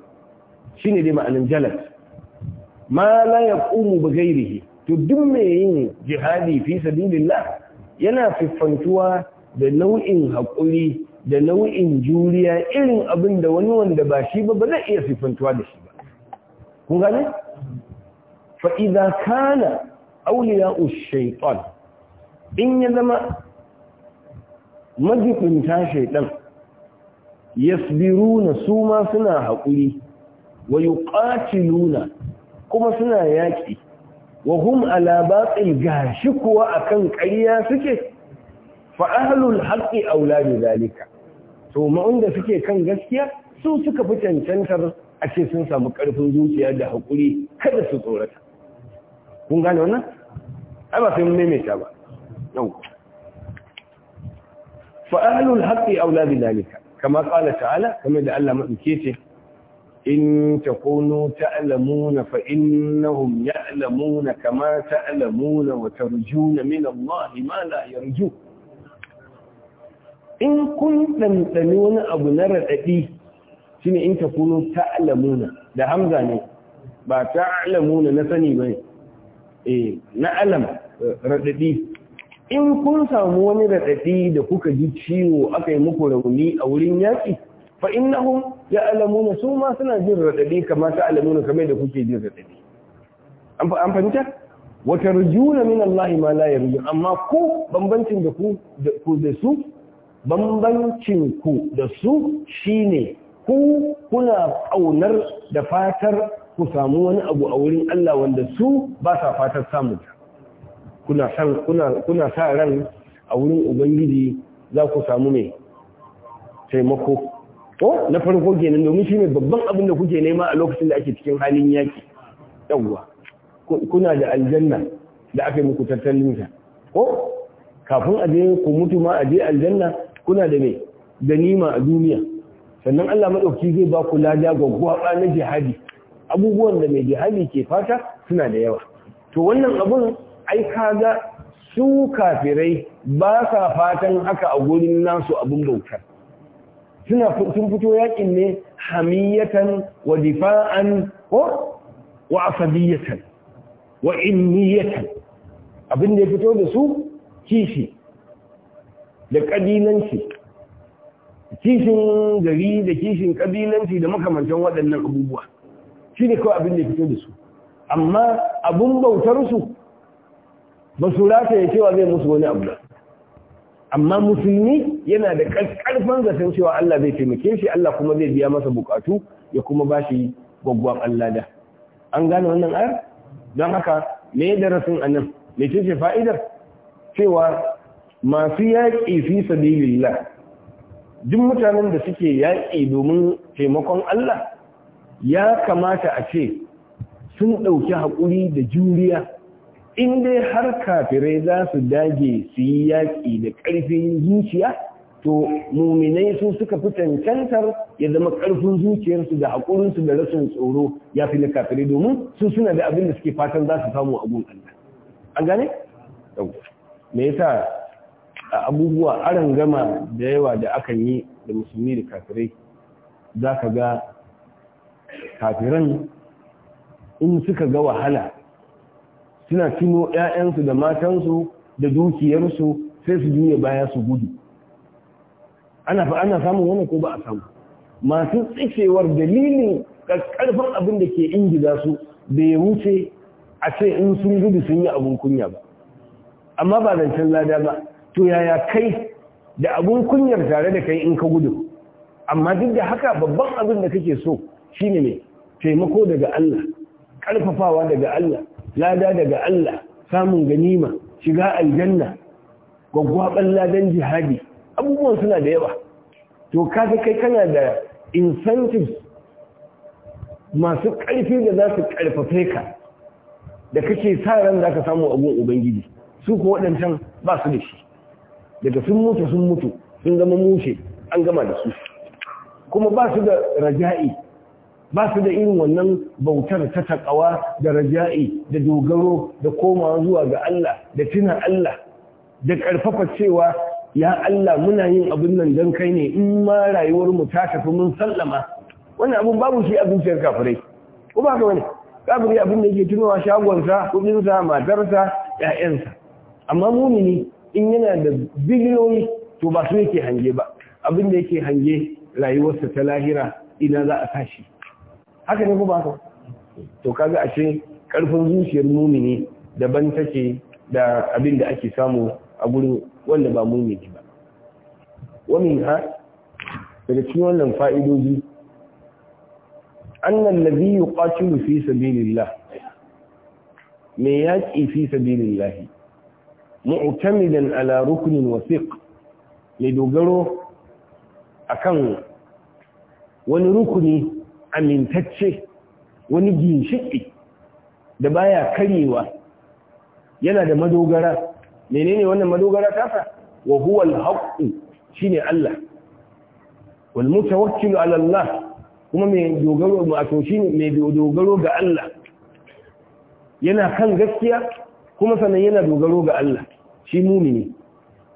B: shi ne dai ma'anin jalas ma la yaqumu bi to duk me yin jihadi fi sabilillah yana fifantuwa da nau'in haƙuri da nau'in juriya irin abin da wani wanda ba shi ba ba iya fifantuwa da shi ba kun gane fa idza kana awliya ash-shaytan in ya zama majibinta shaytan yasbiruna suma suna haƙuri wa yuqatiluna kuma suna yaƙi wa hum ala batil gashi kuwa akan ƙarya suke fa ahlul haqqi aula bi zalika to ma'unda suke kan gaskiya su suka fi cancantar a ce sun samu ƙarfin zuciya da haƙuri kada su tsorata kun gane wannan ai ba sai mun maimaita ba yau fa ahlul haqqi aula bi zalika kama qala ta'ala kamar da Allah madauke ce إن تكونوا تعلمون فإنهم يعلمون كما تعلمون وترجون من الله ما لا يرجون إن كنتم تنون أبو نرى الأدي شين إن تكونوا تعلمون ده همزة ني با تعلمون نسني بني إيه نعلم رددي in kun samu wani raɗaɗi da kuka ji ciwo aka yi muku rauni a wurin yaƙi fa innahum ya'lamuna su suna jin radadi kamata ta alamuna kamar da kuke jin radadi an fa an fahimta wa tarjuna min Allah ma la yarju amma ku bambancin da ku da su bambancin ku da su shine ku kuna kaunar da fatar ku samu wani abu a wurin Allah wanda su ba sa fatar samu kuna san kuna kuna sa ran a wurin ubangiji za ku samu mai taimako ko na farko kenan domin shi ne babban abin da kuke nema a lokacin da ake cikin halin yaki yawwa kuna da aljanna da aka yi muku tattalin ta ko kafin a je ku mutu ma a je aljanna kuna da da ganima a duniya sannan Allah madauki zai ba ku lada ba na jihadi abubuwan da mai jihadi ke fata suna da yawa to wannan abun ai kaga su kafirai ba sa fatan haka a gurin nasu abun bautar suna sun fito yakin ne hamiyatan wa difa'an ko wa asabiyatan wa inniyatan abin da ya fito da su kishi da kabilanci kishin gari da kishin kabilanci da makamancin waɗannan abubuwa shi ne kawai abin da ya fito da su amma abin bautar su ba su rata ya cewa zai musu wani abu ba amma musulmi yana da ƙarfin zaton cewa Allah zai taimake shi Allah kuma zai biya masa buƙatu ya kuma ba shi gwaggwan Allah da an gane wannan ayar don haka me darasin anan me ce ce fa'idar cewa masu yaƙi fi sabilillah duk mutanen da suke yaƙi domin taimakon Allah ya kamata a ce sun ɗauki haƙuri da juriya in dai har kafirai za su dage su yi yaƙi da ƙarfin zuciya to muminai sun suka fi cancantar ya zama ƙarfin zuciyarsu da haƙurinsu da rashin tsoro ya fi na kafirai domin su suna da abin da suke fatan za su samu abun Allah an gane me yasa abubuwa aran gama da yawa da akan yi da musulmi da kafirai za ka ga kafiran in suka ga wahala suna tuno 'ya'yansu da matansu da dukiyarsu sai su juya baya su gudu ana fa ana samun wani ko ba a samu masu tsikewar dalilin ƙarfin abin da ke ingiza su bai wuce a ce in sun gudu sun yi abin kunya ba amma ba zancen lada ba to yaya kai da abin kunyar tare da kai in ka gudu amma duk da haka babban abin da kake so shine ne taimako daga Allah ƙarfafawa daga Allah lada daga Allah samun ganima shiga aljanna gwaggwaban ladan jihadi abubuwan suna da yawa to kaga kai kana da incentives masu ƙarfi da za su ƙarfafe ka da kake sa ran za ka samu abun ubangiji su ko waɗancan ba su da shi daga sun mutu sun mutu sun zama mushe an gama da su kuma ba su da raja'i ba su da irin wannan bautar ta takawa da raja'i da dogaro da komawa zuwa ga Allah da tuna Allah da ƙarfafa cewa ya Allah muna yin abin nan don kai ne in ma rayuwar mu ta tafi mun sallama Wani abin babu shi abin zuciyar kafirai ko ba ka wani kafiri abin da yake tunawa shagonsa kuɗinsa matarsa ƴaƴansa amma mumini in yana da biliyoyi to ba su yake hange ba abin da yake hange rayuwarsa ta lahira ina za a tashi haka ne ko ba haka to kaga a ce karfin zuciyar mumini daban take da abin da ake samu a gurin wanda ba mumini ba wamin ha daga cikin wannan fa'idoji annan ladhi yuqatilu fi sabilillah me yaqi fi sabilillah mu'tamidan ala ruknin wasiq mai dogaro akan wani rukuni amintacce wani ginshiƙi da baya karyewa, yana da madogara menene wannan madogara tasa wa huwa al-haqqu shine Allah wal mutawakkilu ala Allah kuma mai dogaro mu a to shine mai dogaro ga Allah yana kan gaskiya kuma sanan yana dogaro ga Allah shi mumini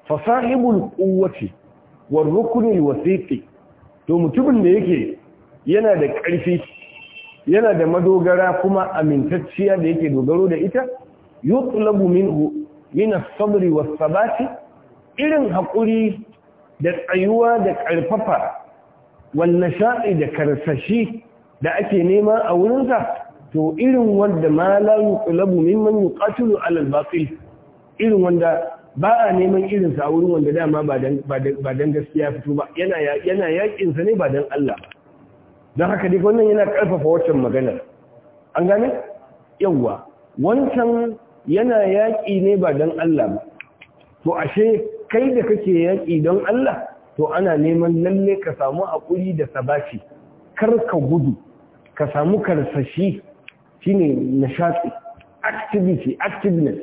B: fa sahibul quwwati war rukni wasiqi to mutumin da yake yana da ƙarfi yana da madogara kuma amintacciya da yake dogaro da ita yutlabu minhu min as-sabri was-sabati irin haƙuri da tsayuwa da ƙarfafa wal nasha'i da karsashi da ake nema a wurinsa to irin wanda ma la mimman yuqatilu ala al-batil irin wanda ba a neman irin sa a wurin wanda dama ba dan ba dan gaskiya fito ba yana yana yakin sa ne ba dan Allah don haka dai wannan yana karfafa waccan maganar an gane yawwa wancan yana yaƙi ne ba don Allah ba to ashe kai da kake yaƙi don Allah to ana neman lalle ka samu haƙuri da sabaci kar ka gudu ka samu karsashi shine nishaɗi activity activeness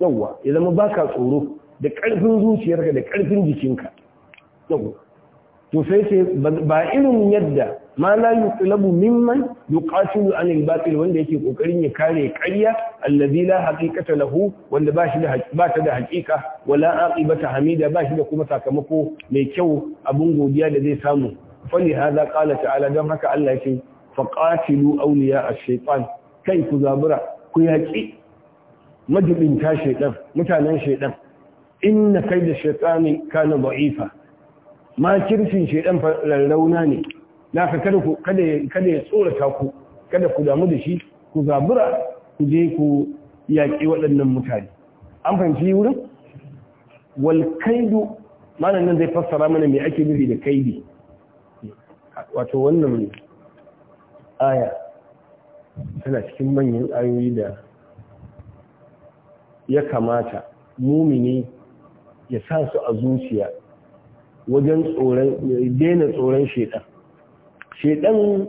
B: yawwa ya zama baka tsoro da ƙarfin zuciyarka da ƙarfin jikinka to sai sai ba irin yadda ma la yuqlabu mimman yuqatilu an al-batil wanda yake kokarin ya kare ƙarya allazi la haqiqata lahu wanda ba shi da ba ta da haqiqa wala aqibata hamida ba shi da kuma sakamako mai kyau abun godiya da zai samu fali hadha qala ta'ala dan haka Allah yake faqatilu awliya ash-shaytan kai ku zabura ku yaki majibin ta shaytan mutanen shaytan inna kayda shaytani kana da'ifa Ma makircin shaidan rarrauna ne na ka kada ya tsorata ku kada ku damu da shi ku zabura ku je ku yaƙi waɗannan mutane an fahimci wurin wal kaidu malam nan zai fassara mana me ake nufi da kaidi wato wannan aya tana cikin manyan ayoyi da ya kamata mumini ya sa su a zuciya wajen tsoron daina tsoron shedan shedan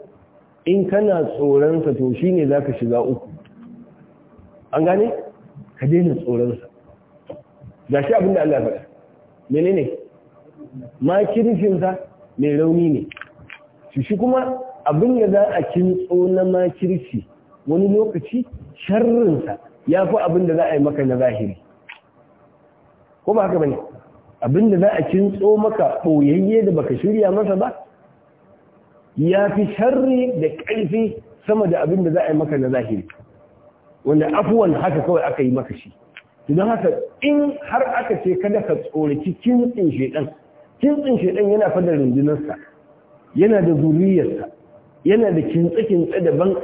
B: in kana tsoronsa to shine zaka shiga uku an gane ka daina tsoronsa shi abinda Allah ya faɗa menene makirfinsa mai rauni ne shi kuma abin da za a kintso na makirci wani lokaci sharrinsa ya fi abin da za a yi maka na zahiri ko ba haka bane Abin da za a kintso maka ɓoyayye da baka shirya masa ba ya fi sharri da ƙarfi sama da abin da za a yi maka na zahiri wanda afuwan haka kawai aka yi maka shi don haka in har aka ce kada ka tsoraci kintsin shaidan kintsin shaidan yana fada rundunarsa yana da zuriyarsa yana da kintse-kintse daban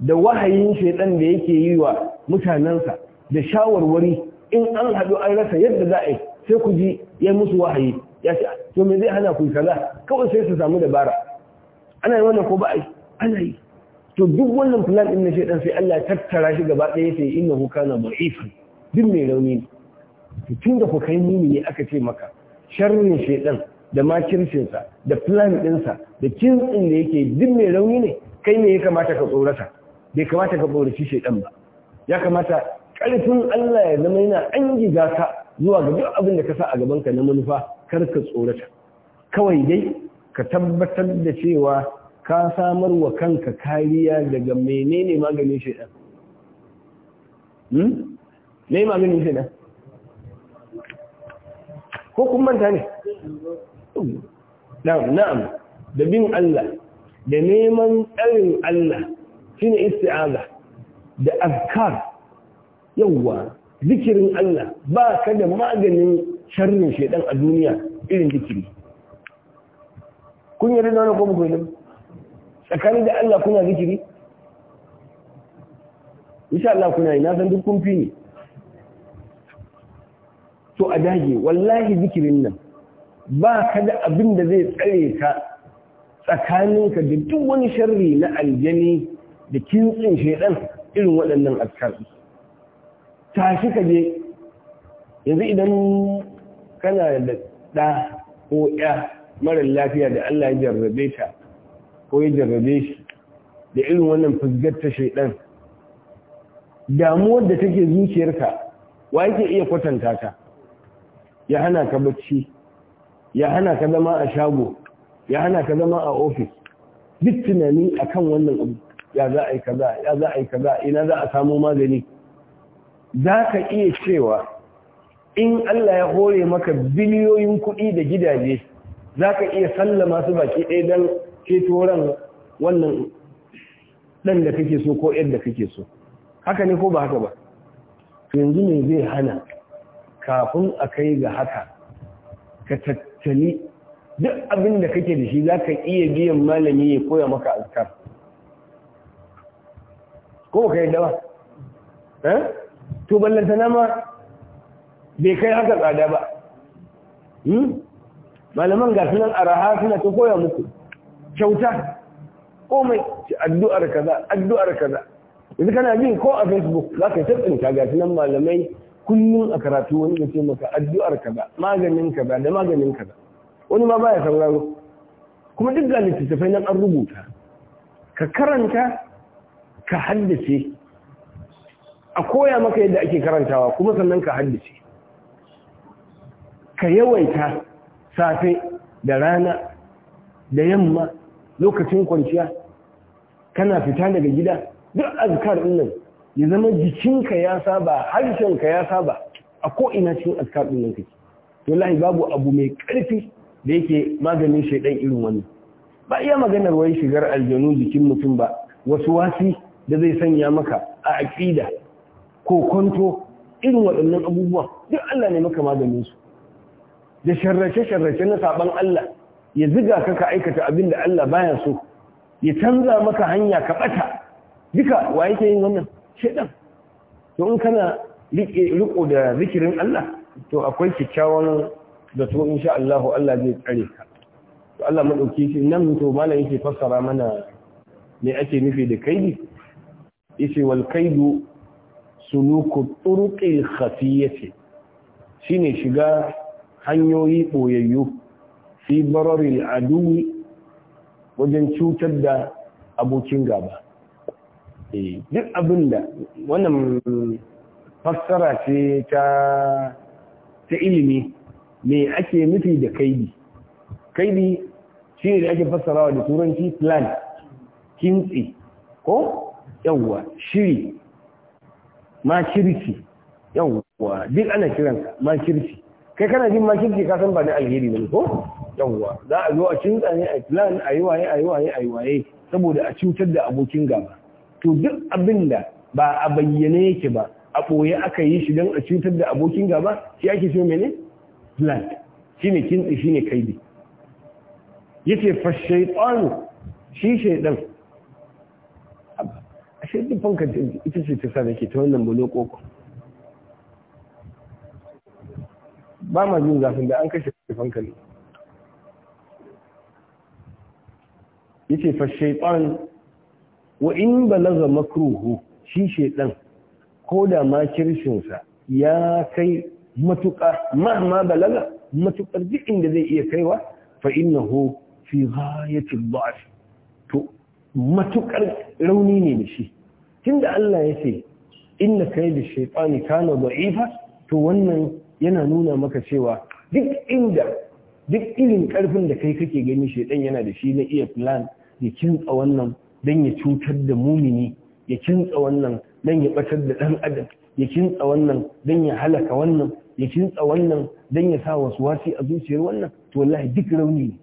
B: da wahayin shaidan da yake yi wa mutanensa da shawarwari in an haɗu an rasa yadda za a yi sai ku ji ya musu wahayi ya ce to me zai hana ku kaza kawai sai su samu dabara ana yi wannan ko ba ai ana yi to duk wannan plan din na shaidan sai Allah tattara shi gaba ɗaya sai inna hu kana da'ifan duk mai rauni ne tun da ku kai mini ne aka ce maka sharrin shaidan da makircinsa da plan ɗinsa da kintsin da yake duk mai rauni ne kai ne ya kamata ka tsorata bai kamata ka tsoraci shaidan ba ya kamata ƙarfin Allah ya zama yana an gida ka zuwa ga duk abin da ka sa a gabanka na manufa kar ka tsorata kawai dai ka tabbatar da cewa ka samar wa kanka kariya daga menene maganin shaidan hmm? me maganin ko kun manta ne na'am da bin Allah da neman tsarin Allah shine isti'aza da azkar yawwa zikirin Allah ba ka da maganin sharrin shaidan a duniya irin zikiri kun yarda da wani ko muku tsakanin da Allah kuna zikiri insha Allah kuna yi na san duk kun fi ne to a dage wallahi zikirin nan ba ka da abin da zai tsare ka tsakaninka da duk wani sharri na aljani da kintsin shaidan irin waɗannan askar tashi ka je yanzu idan kana da ɗa ko ya mara lafiya da Allah ya jarrabe ta ko ya jarrabe shi da irin wannan fusgatta shaidan damuwar da take zuciyarka wa yake iya kwatanta ta ya hana ka bacci ya hana ka zama a shago ya hana ka zama a ofis duk tunani akan wannan abu ya za a yi kaza ya za a yi kaza ina za a samu magani za ka iya cewa in Allah ya hore maka biliyoyin kuɗi da gidaje za ka iya sallama su baki ɗaya don ceto ran wannan ɗan da kake so ko ɗan da kake so haka ne ko ba haka ba yanzu ne zai hana kafin a kai ga haka ka tattali duk abin da kake da shi za ka iya biyan malami ya koya maka azkar ko ka yi dawa? eh to ballanta bai kai haka tsada ba hmm? malaman ga sunan araha suna ta koya muku kyauta komai addu'ar kaza addu'ar kaza yanzu kana jin ko a facebook za ka tattanta ga sunan malamai kullum a karatu wani ya ce maka addu'ar kaza maganin kaza da maganin kaza wani ma baya sauraro kuma duk ga littattafai nan an rubuta ka karanta ka haddace a koya maka yadda ake karantawa kuma sannan ka haddace ka yawaita safe da rana da yamma lokacin kwanciya kana fita daga gida duk azkar nan ya zama jikinka ya saba harshenka ya saba a ko'ina cikin azkar nan kake lahi babu abu mai karfi da yake maganin shaidan irin wani ba iya maganar wai shigar aljanu jikin mutum ba wasu wasi da zai sanya maka a aƙida kokonto irin waɗannan abubuwa duk Allah ne maka maganin su da sharrace-sharrace na saban Allah ya ziga ka ka aikata abin da Allah baya so ya canza maka hanya ka ɓata duka wa yake yin wannan shaɗan to in kana riko da zikirin Allah to akwai kyakkyawan da to sha Allah Allah zai tsare ka to Allah maɗauki shi nan to malam yake fassara mana me ake nufi da kaidi yace wal suluku turuqil khafiyati shine shiga hanyoyi boyayyu fi bararil adu wajen cutar da abokin gaba eh, duk abinda wannan fassara ce ta ta ilimi me ake nufi da kaidi kaidi shine da ake fassarawa da turanci plan kintsi ko yawwa shiri makirci yawwa duk ana kiransa makirci kai kana jin makirci ka san ba na alheri ne ko yawwa za a zo a cinta ne a plan a yi waye a yi waye a yi waye saboda a cutar da abokin gaba to duk abin da ba a bayyane yake ba a ɓoye aka yi shi don a cutar da abokin gaba shi ake so mene plan shi ne kintsi shi ne kaidi yace fa shaytan shi shaydan ashe duk fankan ita ce ta sa ke ta wannan bulo koko ba ma jin zafin da an kashe fankan ne ce fa ɓan wa in balaga makruhu shi shaiɗan ko da ma kirshinsa ya kai matuƙa ma balaga matuƙar duk inda zai iya kaiwa fa hu fi ghayatil da'f to matuƙar rauni ne da shi tunda Allah ya ce inna kayda shaytani kana da'ifa to wannan yana nuna maka cewa duk inda duk irin karfin da kai kake gani shaytan yana da shi na iya plan ya kintsa wannan dan ya cutar da mumini ya kintsa wannan dan ya batar da dan adam ya kintsa wannan dan ya halaka wannan ya kintsa wannan dan ya sa wasu wasi a zuciyar wannan to wallahi duk rauni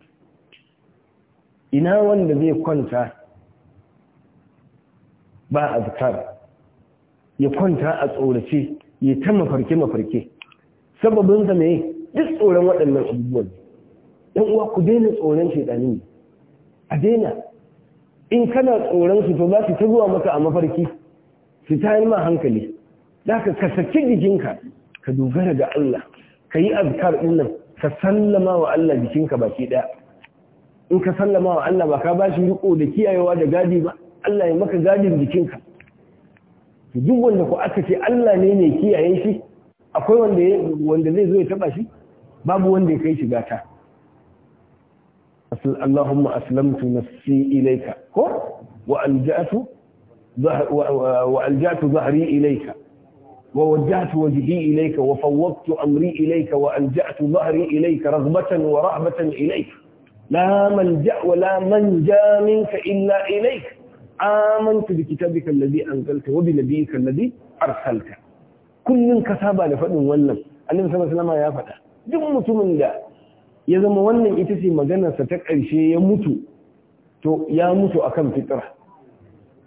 B: ina wanda zai kwanta ba azkar ya kwanta a tsorace ya ta mafarke mafarke sababin sa ne duk tsoron waɗannan abubuwan ɗan uwa ku daina tsoron shaidani a daina in kana tsoron su to za su ta zuwa maka a mafarki su ta yi ma hankali za ka kasance jikinka ka dogara ga Allah ka yi azkar ɗin nan ka sallama wa Allah jikinka baki ɗaya in ka sallama wa Allah ba ka ba shi riko da kiyayewa da gadi ba Allah ya maka gadin jikinka duk wanda ku aka ce Allah ne mai kiyaye shi akwai wanda wanda zai zo ya taba shi babu wanda ya kai shi gata Allahumma aslamtu nafsi ilayka ko wa alja'tu wa alja'tu dhahri ilayka wa wajjahtu wajhi ilayka wa fawwadtu amri ilayka wa alja'tu dhahri ilayka raghbatan wa rahbatan ilayka la malja' wa la manja minka illa ilayka amantu bi kitabika alladhi anzalta wa bi nabiyyika alladhi arsalta kullun ka saba da faɗin wannan annabi sallallahu alaihi wasallam ya faɗa duk mutumin da ya zama wannan ita ce maganarsa ta ƙarshe ya mutu to ya mutu akan fitar.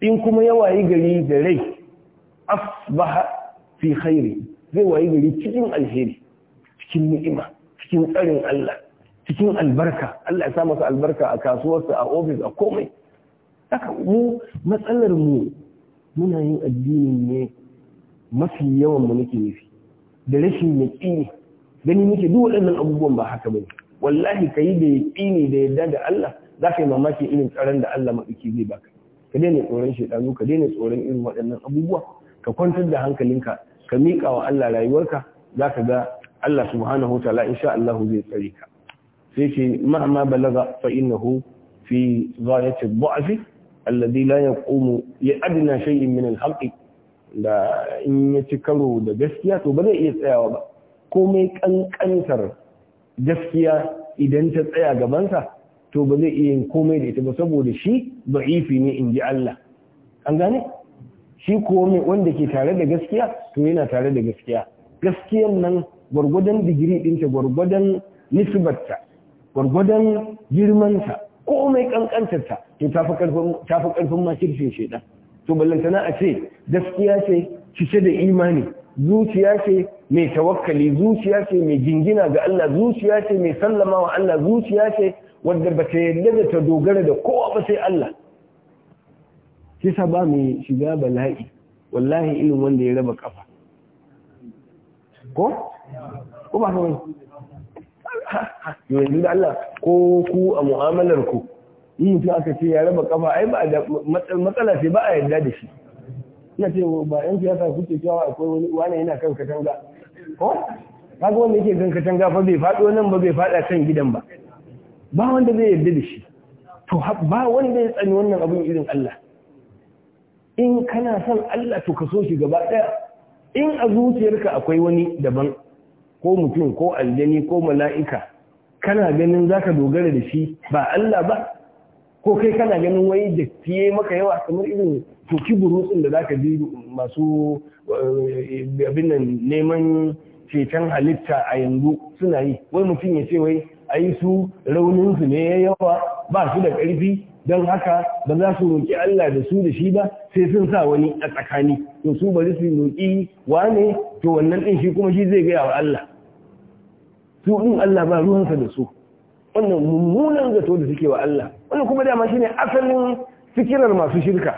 B: in kuma ya wayi gari da rai asbaha fi khairi zai wayi gari cikin alheri cikin ni'ima cikin tsarin Allah cikin albarka Allah ya sa masa albarka a kasuwarsa a ofis a komai Daka mu matsalar mu muna yin addini ne mafi yawan mu nake nufi da rashin ne. gani muke duk waɗannan abubuwan ba haka bane wallahi kayi da yaƙini da yadda da Allah za ka yi mamaki irin tsaron da Allah maɗauki zai baka ka daina tsoron shaidanu ka daina tsoron irin waɗannan abubuwa ka kwantar da hankalinka ka miƙa wa Allah rayuwarka za ka ga Allah subhanahu ta'ala insha Allah zai tsare ka sai ce ma'ama balaga fa innahu fi ghayati dha'fi alladhi la yaqumu ya adna shay'in min al-haqq da in ya ci karo da gaskiya to ba zai iya tsayawa ba komai kankantar gaskiya idan ta tsaya gabansa to ba zai iya yin komai da ita ba saboda shi da'ifi ne in ji Allah an gane shi komai wanda ke tare da gaskiya to yana tare da gaskiya gaskiyan nan gwargwadon digiri ɗinta gwargwadon nisbarta gwargwadon girmanta komai ta to ta fi karfin kirfin shaidan to ballantana a ce gaskiya ce cike da imani zuciya ce mai tawakkali zuciya ce mai jingina ga Allah zuciya ce mai sallama wa Allah zuciya ce wanda ba ta yarda da ta dogara da kowa ba sai Allah shi sa ba mai shiga bala'i wallahi ilimin wanda ya raba kafa ko ko ba kawai yanzu da Allah ko ku a mu'amalar ku in mutum aka ce ya raba kafa ai ba da matsala sai ba a yarda da shi ina ce ba yan siyasa kuke cewa akwai wani wani yana kan katanga ko kaga wanda yake kan katanga fa bai faɗo nan ba bai faɗa kan gidan ba ba wanda zai yarda da shi to ba wanda ya tsani wannan abin irin Allah in kana son Allah to ka so shi gaba ɗaya in a zuciyarka akwai wani daban ko mutum ko aljani ko mala'ika kana ganin za ka dogara da shi ba Allah ba ko kai kana ganin wai da fiye maka yawa kamar irin toki burutsun da za ka bi masu eh, abin nan neman ceton halitta a yanzu suna yi wai mutum ya ce wai a yi su rauninsu ne ya yawa ba su da ƙarfi don haka ba za su roƙi Allah da su da shi ba sai sun sa wani a tsakani to su bari su roƙi wane to wannan ɗin shi kuma shi zai gaya wa Allah su in Allah ba ruwansa da su wannan mummunan zato da suke wa Allah wannan kuma dama shine asalin fikirar masu shirka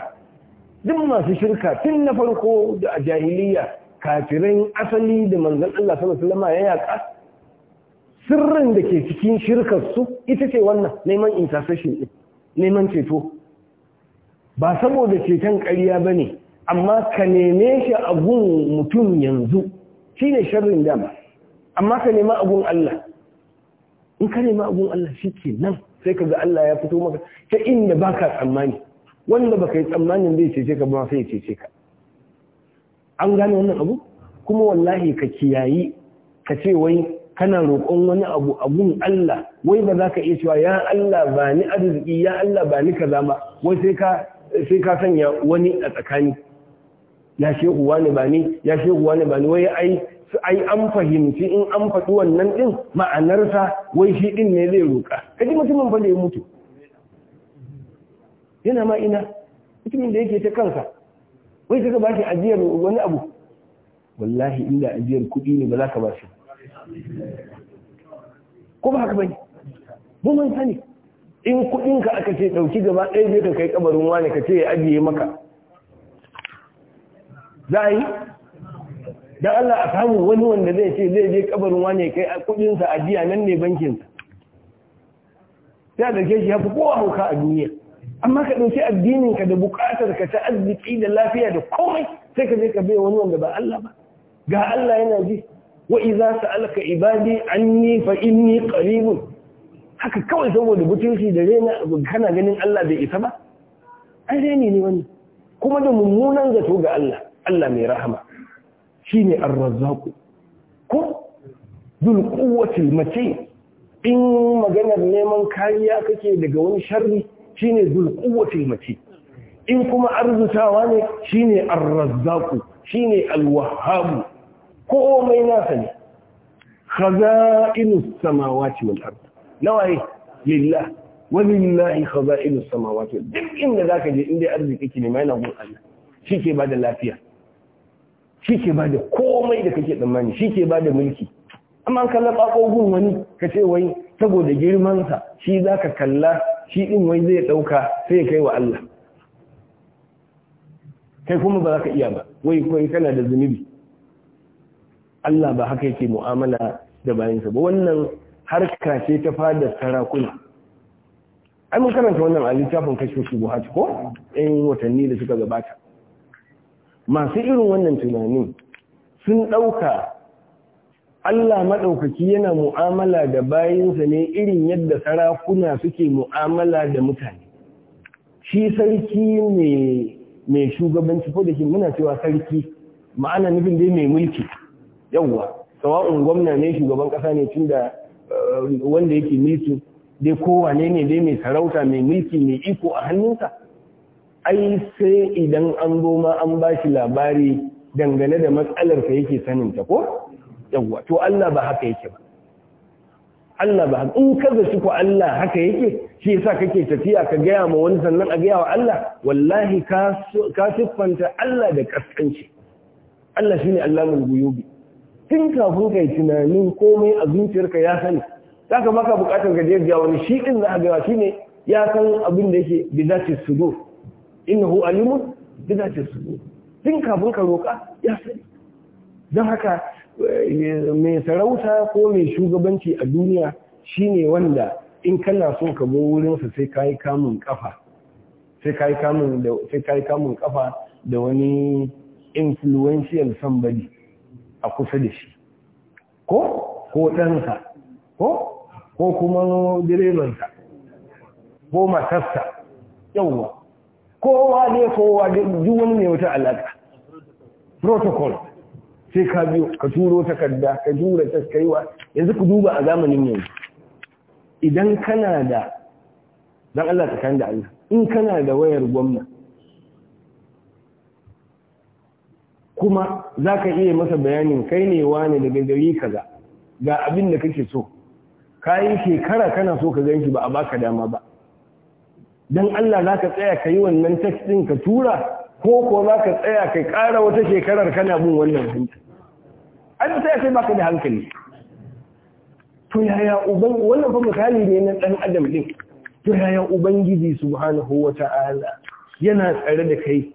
B: duk masu shirka tun na farko da a jahiliya kafiran asali da manzon Allah sallallahu alaihi wasallam ya yaka sirrin da ke cikin shirkar su ita ce wannan neman intercession din neman ceto ba saboda ceton ƙarya ne. amma ka neme shi a gun mutum yanzu shine sharrin dama amma ka nema abun Allah in ka nema abun Allah shi ke nan sai ka ga Allah ya fito maka ta inda ba ka tsammani wanda ba ka yi tsammanin zai cece ka ba sai ya cece ka an gane wannan abu kuma wallahi ka kiyayi ka ce wai kana roƙon wani abu abun Allah wai ba za ka iya cewa ya Allah ba ni arziki ya Allah ba ni kaza ba wai sai ka sai ka sanya wani a tsakani ya shehu wani ba ni ya shehu wani ba ni wai ai ai an fahimci in an faɗi wannan ɗin ma'anarsa wai shi ɗin ne zai roƙa kaji mutumin fa da ya mutu yana ma ina mutumin da yake ta kansa wai ta ba shi ajiyar wani abu wallahi inda ajiyar kuɗi ne ba za ka ba shi ko ba haka bane mu mun sani in kuɗinka aka ce ɗauki gaba ɗaya zai ka kai kabarin wani ka ce ya ajiye maka za a yi Da Allah a samu wani wanda zai ce zai je kabarin wane kai a kudinsa a jiya nan ne bankinsa. Ya sai da ke shi yafi kowa hauka a duniya amma ka dauki addinin ka da bukatar ka ta arziki da lafiya da komai sai ka je ka bai wani wanda ba Allah ba ga Allah yana ji wa idza sa'alaka ibadi anni fa inni qaribun haka kawai saboda butunci da rena kana ganin Allah bai isa ba an ne wani kuma da mummunan zato ga Allah Allah mai rahama shine ar-razzaq ko dul mace in maganar neman kariya kake daga wani sharri shine ne quwwatil mace. in kuma arzutawa ne shine ar-razzaq shine al-wahhab komai nasa ne khaza'inus samawati wal ard nawaye lillah walillahi khaza'inus samawati duk inda zaka je inda arziki ne mai na gun Allah shike da lafiya shi ke ba da komai da kake tsammani shi ke ba da mulki amma kalla gun wani ka ce wai saboda girmansa shi za ka kalla shi ɗin wai zai ɗauka sai ya kai wa Allah kai kuma ba za ka iya ba wai kai kana da zunubi Allah ba haka yake mu'amala da bayansa ba wannan harka ce ta fada sarakuna ai mun karanta wannan a littafin kashe shubuhat ko ɗan watanni da suka gabata masu irin wannan tunanin sun ɗauka Allah maɗaukaki yana mu'amala da bayansa ne irin yadda sarakuna suke mu'amala da mutane. Shi sarki mai shugabanci ko da shi muna cewa sarki ma'ana nufin dai mai mulki yawwa sawa'un gwamna ne shugaban ƙasa ne tun da eh, wanda yake mulki dai kowane ne dai mai sarauta mai mulki mai iko a hannunsa ai sai idan an zo ma an ba shi labari dangane da matsalar ka yake sanin ko yawwa to Allah ba haka yake ba Allah ba in ka zaci ku Allah haka yake shi yasa kake tafiya ka gaya ma wani sannan a gaya wa Allah wallahi ka siffanta Allah da kaskanci Allah shine Allahul guyubi tun kafin kai tunanin komai a zuciyarka ya sani zaka maka bukatar ka je ga wani shi ɗin za a gaya ne? ya san abin da yake bi zati sudur innahu alimun bi sudur tun kafin ka roƙa ya sani don haka eh, mai sarauta ko mai shugabanci a duniya shine wanda in kana so ka bo wurinsa sai ka yi kamun kafa sai kamun kafa da wani influential somebody a kusa da shi ko ko ɗansa ko ko kuma direbansa ko matarsa kowa ne kowa duk wani ne wata alaka protocol sai ka biyo ka turo takarda ka jura kaiwa yanzu ku duba a zamanin yanzu idan kana da dan Allah tsakanin da Allah in kana da wayar gwamna kuma za ka iya masa bayanin kai ne wane daga gari kaza ga abin da kake so ka yi shekara kana so ka ganki ba a baka dama ba don Allah za ka tsaya ka yi wannan text ka tura ko ko za ka tsaya ka ƙara wata shekarar kana bin wannan hanta an tsaya sai baka da hankali to yaya uban wannan fa misali ne na dan adam ɗin to yaya ubangiji subhanahu wata'ala yana tsare da kai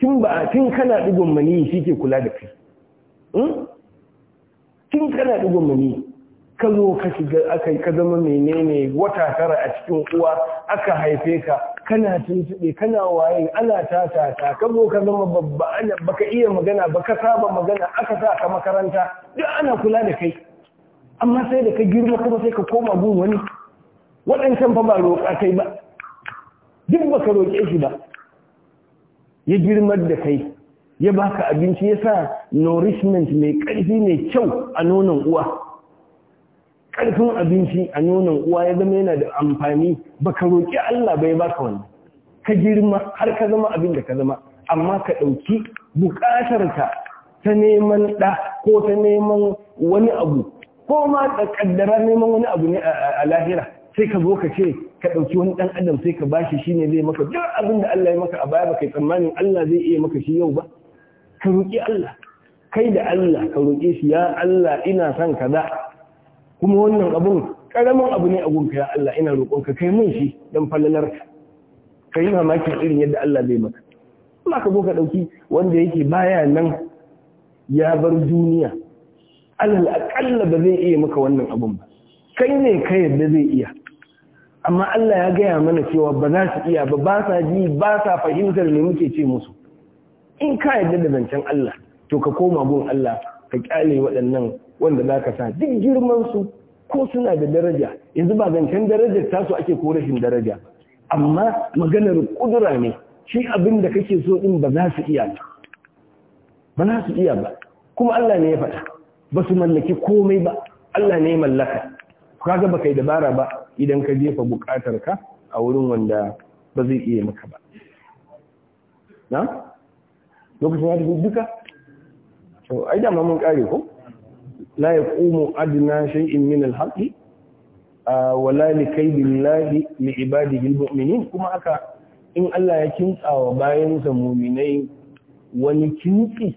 B: tun ba tun kana digon mani shi ke kula da kai hmm? tun kana digon mani ka zo ka shiga aka ka zama menene wata tara a cikin uwa aka haife ka kana tuntuɓe kana waye ana tata ta ka zo ka zama babba ana baka iya magana baka saba magana aka sa ka makaranta duk ana kula da kai amma sai da ka girma kuma sai ka koma gun wani waɗancan fa ba roƙa kai ba duk baka roƙe shi ba ya girmar da kai ya baka abinci ya sa nourishment mai ƙarfi mai kyau a nonon uwa ƙarfin abinci a nonon uwa ya zama yana da amfani ba ka roƙi Allah bai baka wani ka girma har ka zama abin da ka zama amma ka ɗauki buƙatarka ta neman ɗa ko ta neman wani abu ko ma da ƙaddara neman wani abu ne a lahira sai ka zo ka ce ka ɗauki wani ɗan adam sai ka bashi shi ne zai maka duk abin da Allah ya maka a baya ba kai tsammanin Allah zai iya maka shi yau ba ka roƙi Allah kai da Allah ka roƙe shi ya Allah ina son kaza kuma wannan abun karamin abu ne a gunka ya Allah ina roƙonka kai mun shi dan Ka kai mamakin irin yadda Allah zai maka kuma ka ka dauki wanda yake baya nan ya bar duniya alal aqalla ba zai iya maka wannan abun ba kai ne ka yadda zai iya amma Allah ya gaya mana cewa ba za su iya ba ba sa ji ba sa fahimtar ne muke ce musu in ka yadda da zancen Allah to ka koma gun Allah ka kyale waɗannan wanda za ka sa duk girman su ko suna da daraja yanzu ba zancen ta su ake ko rashin daraja amma maganar kudura ne shi abin da kake so din ba za su iya ba ba za su iya ba kuma Allah ne ya faɗa ba su mallaki komai ba Allah ne ya mallaka kaga ba kai dabara ba idan ka jefa bukatar ka a wurin wanda ba zai iya maka ba na lokacin ya duka to ai da mun kare ko لا يقوم أدنى شيء من الحق ولا wala likaydillahi لعباده المؤمنين كما kuma إن in Allah ya kintsawa bayan sa mu'minai wani kintsi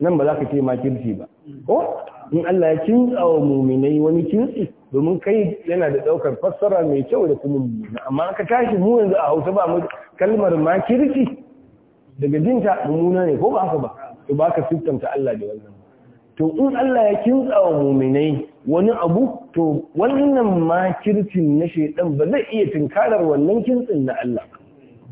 B: nan ba za ka الله ma أو ba ko in Allah ya kintsawa mu'minai wani kintsi domin kai yana da daukar fassara mai kyau da kuma mummuna amma aka tashi mu yanzu a Hausa ba mu kalmar ma kirki daga jinta mummuna ne ko ba haka ba to ba ka siffanta Allah da wannan to in Allah ya kintsa wa muminai wani abu to wannan ma kirtin na shaidan ba zai iya tinkarar wannan kintsin na Allah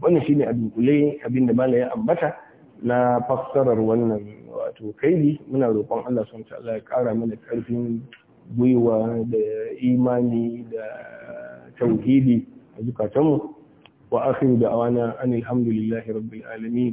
B: wannan shine abin kule abin da malaya ya ambata na fassarar wannan wato kaili muna roƙon Allah ta ta'ala ya ƙara mana ƙarfin gwiwa da imani da tauhidi a zukatanmu wa akhiru awana anil hamdulillahi rabbil alamin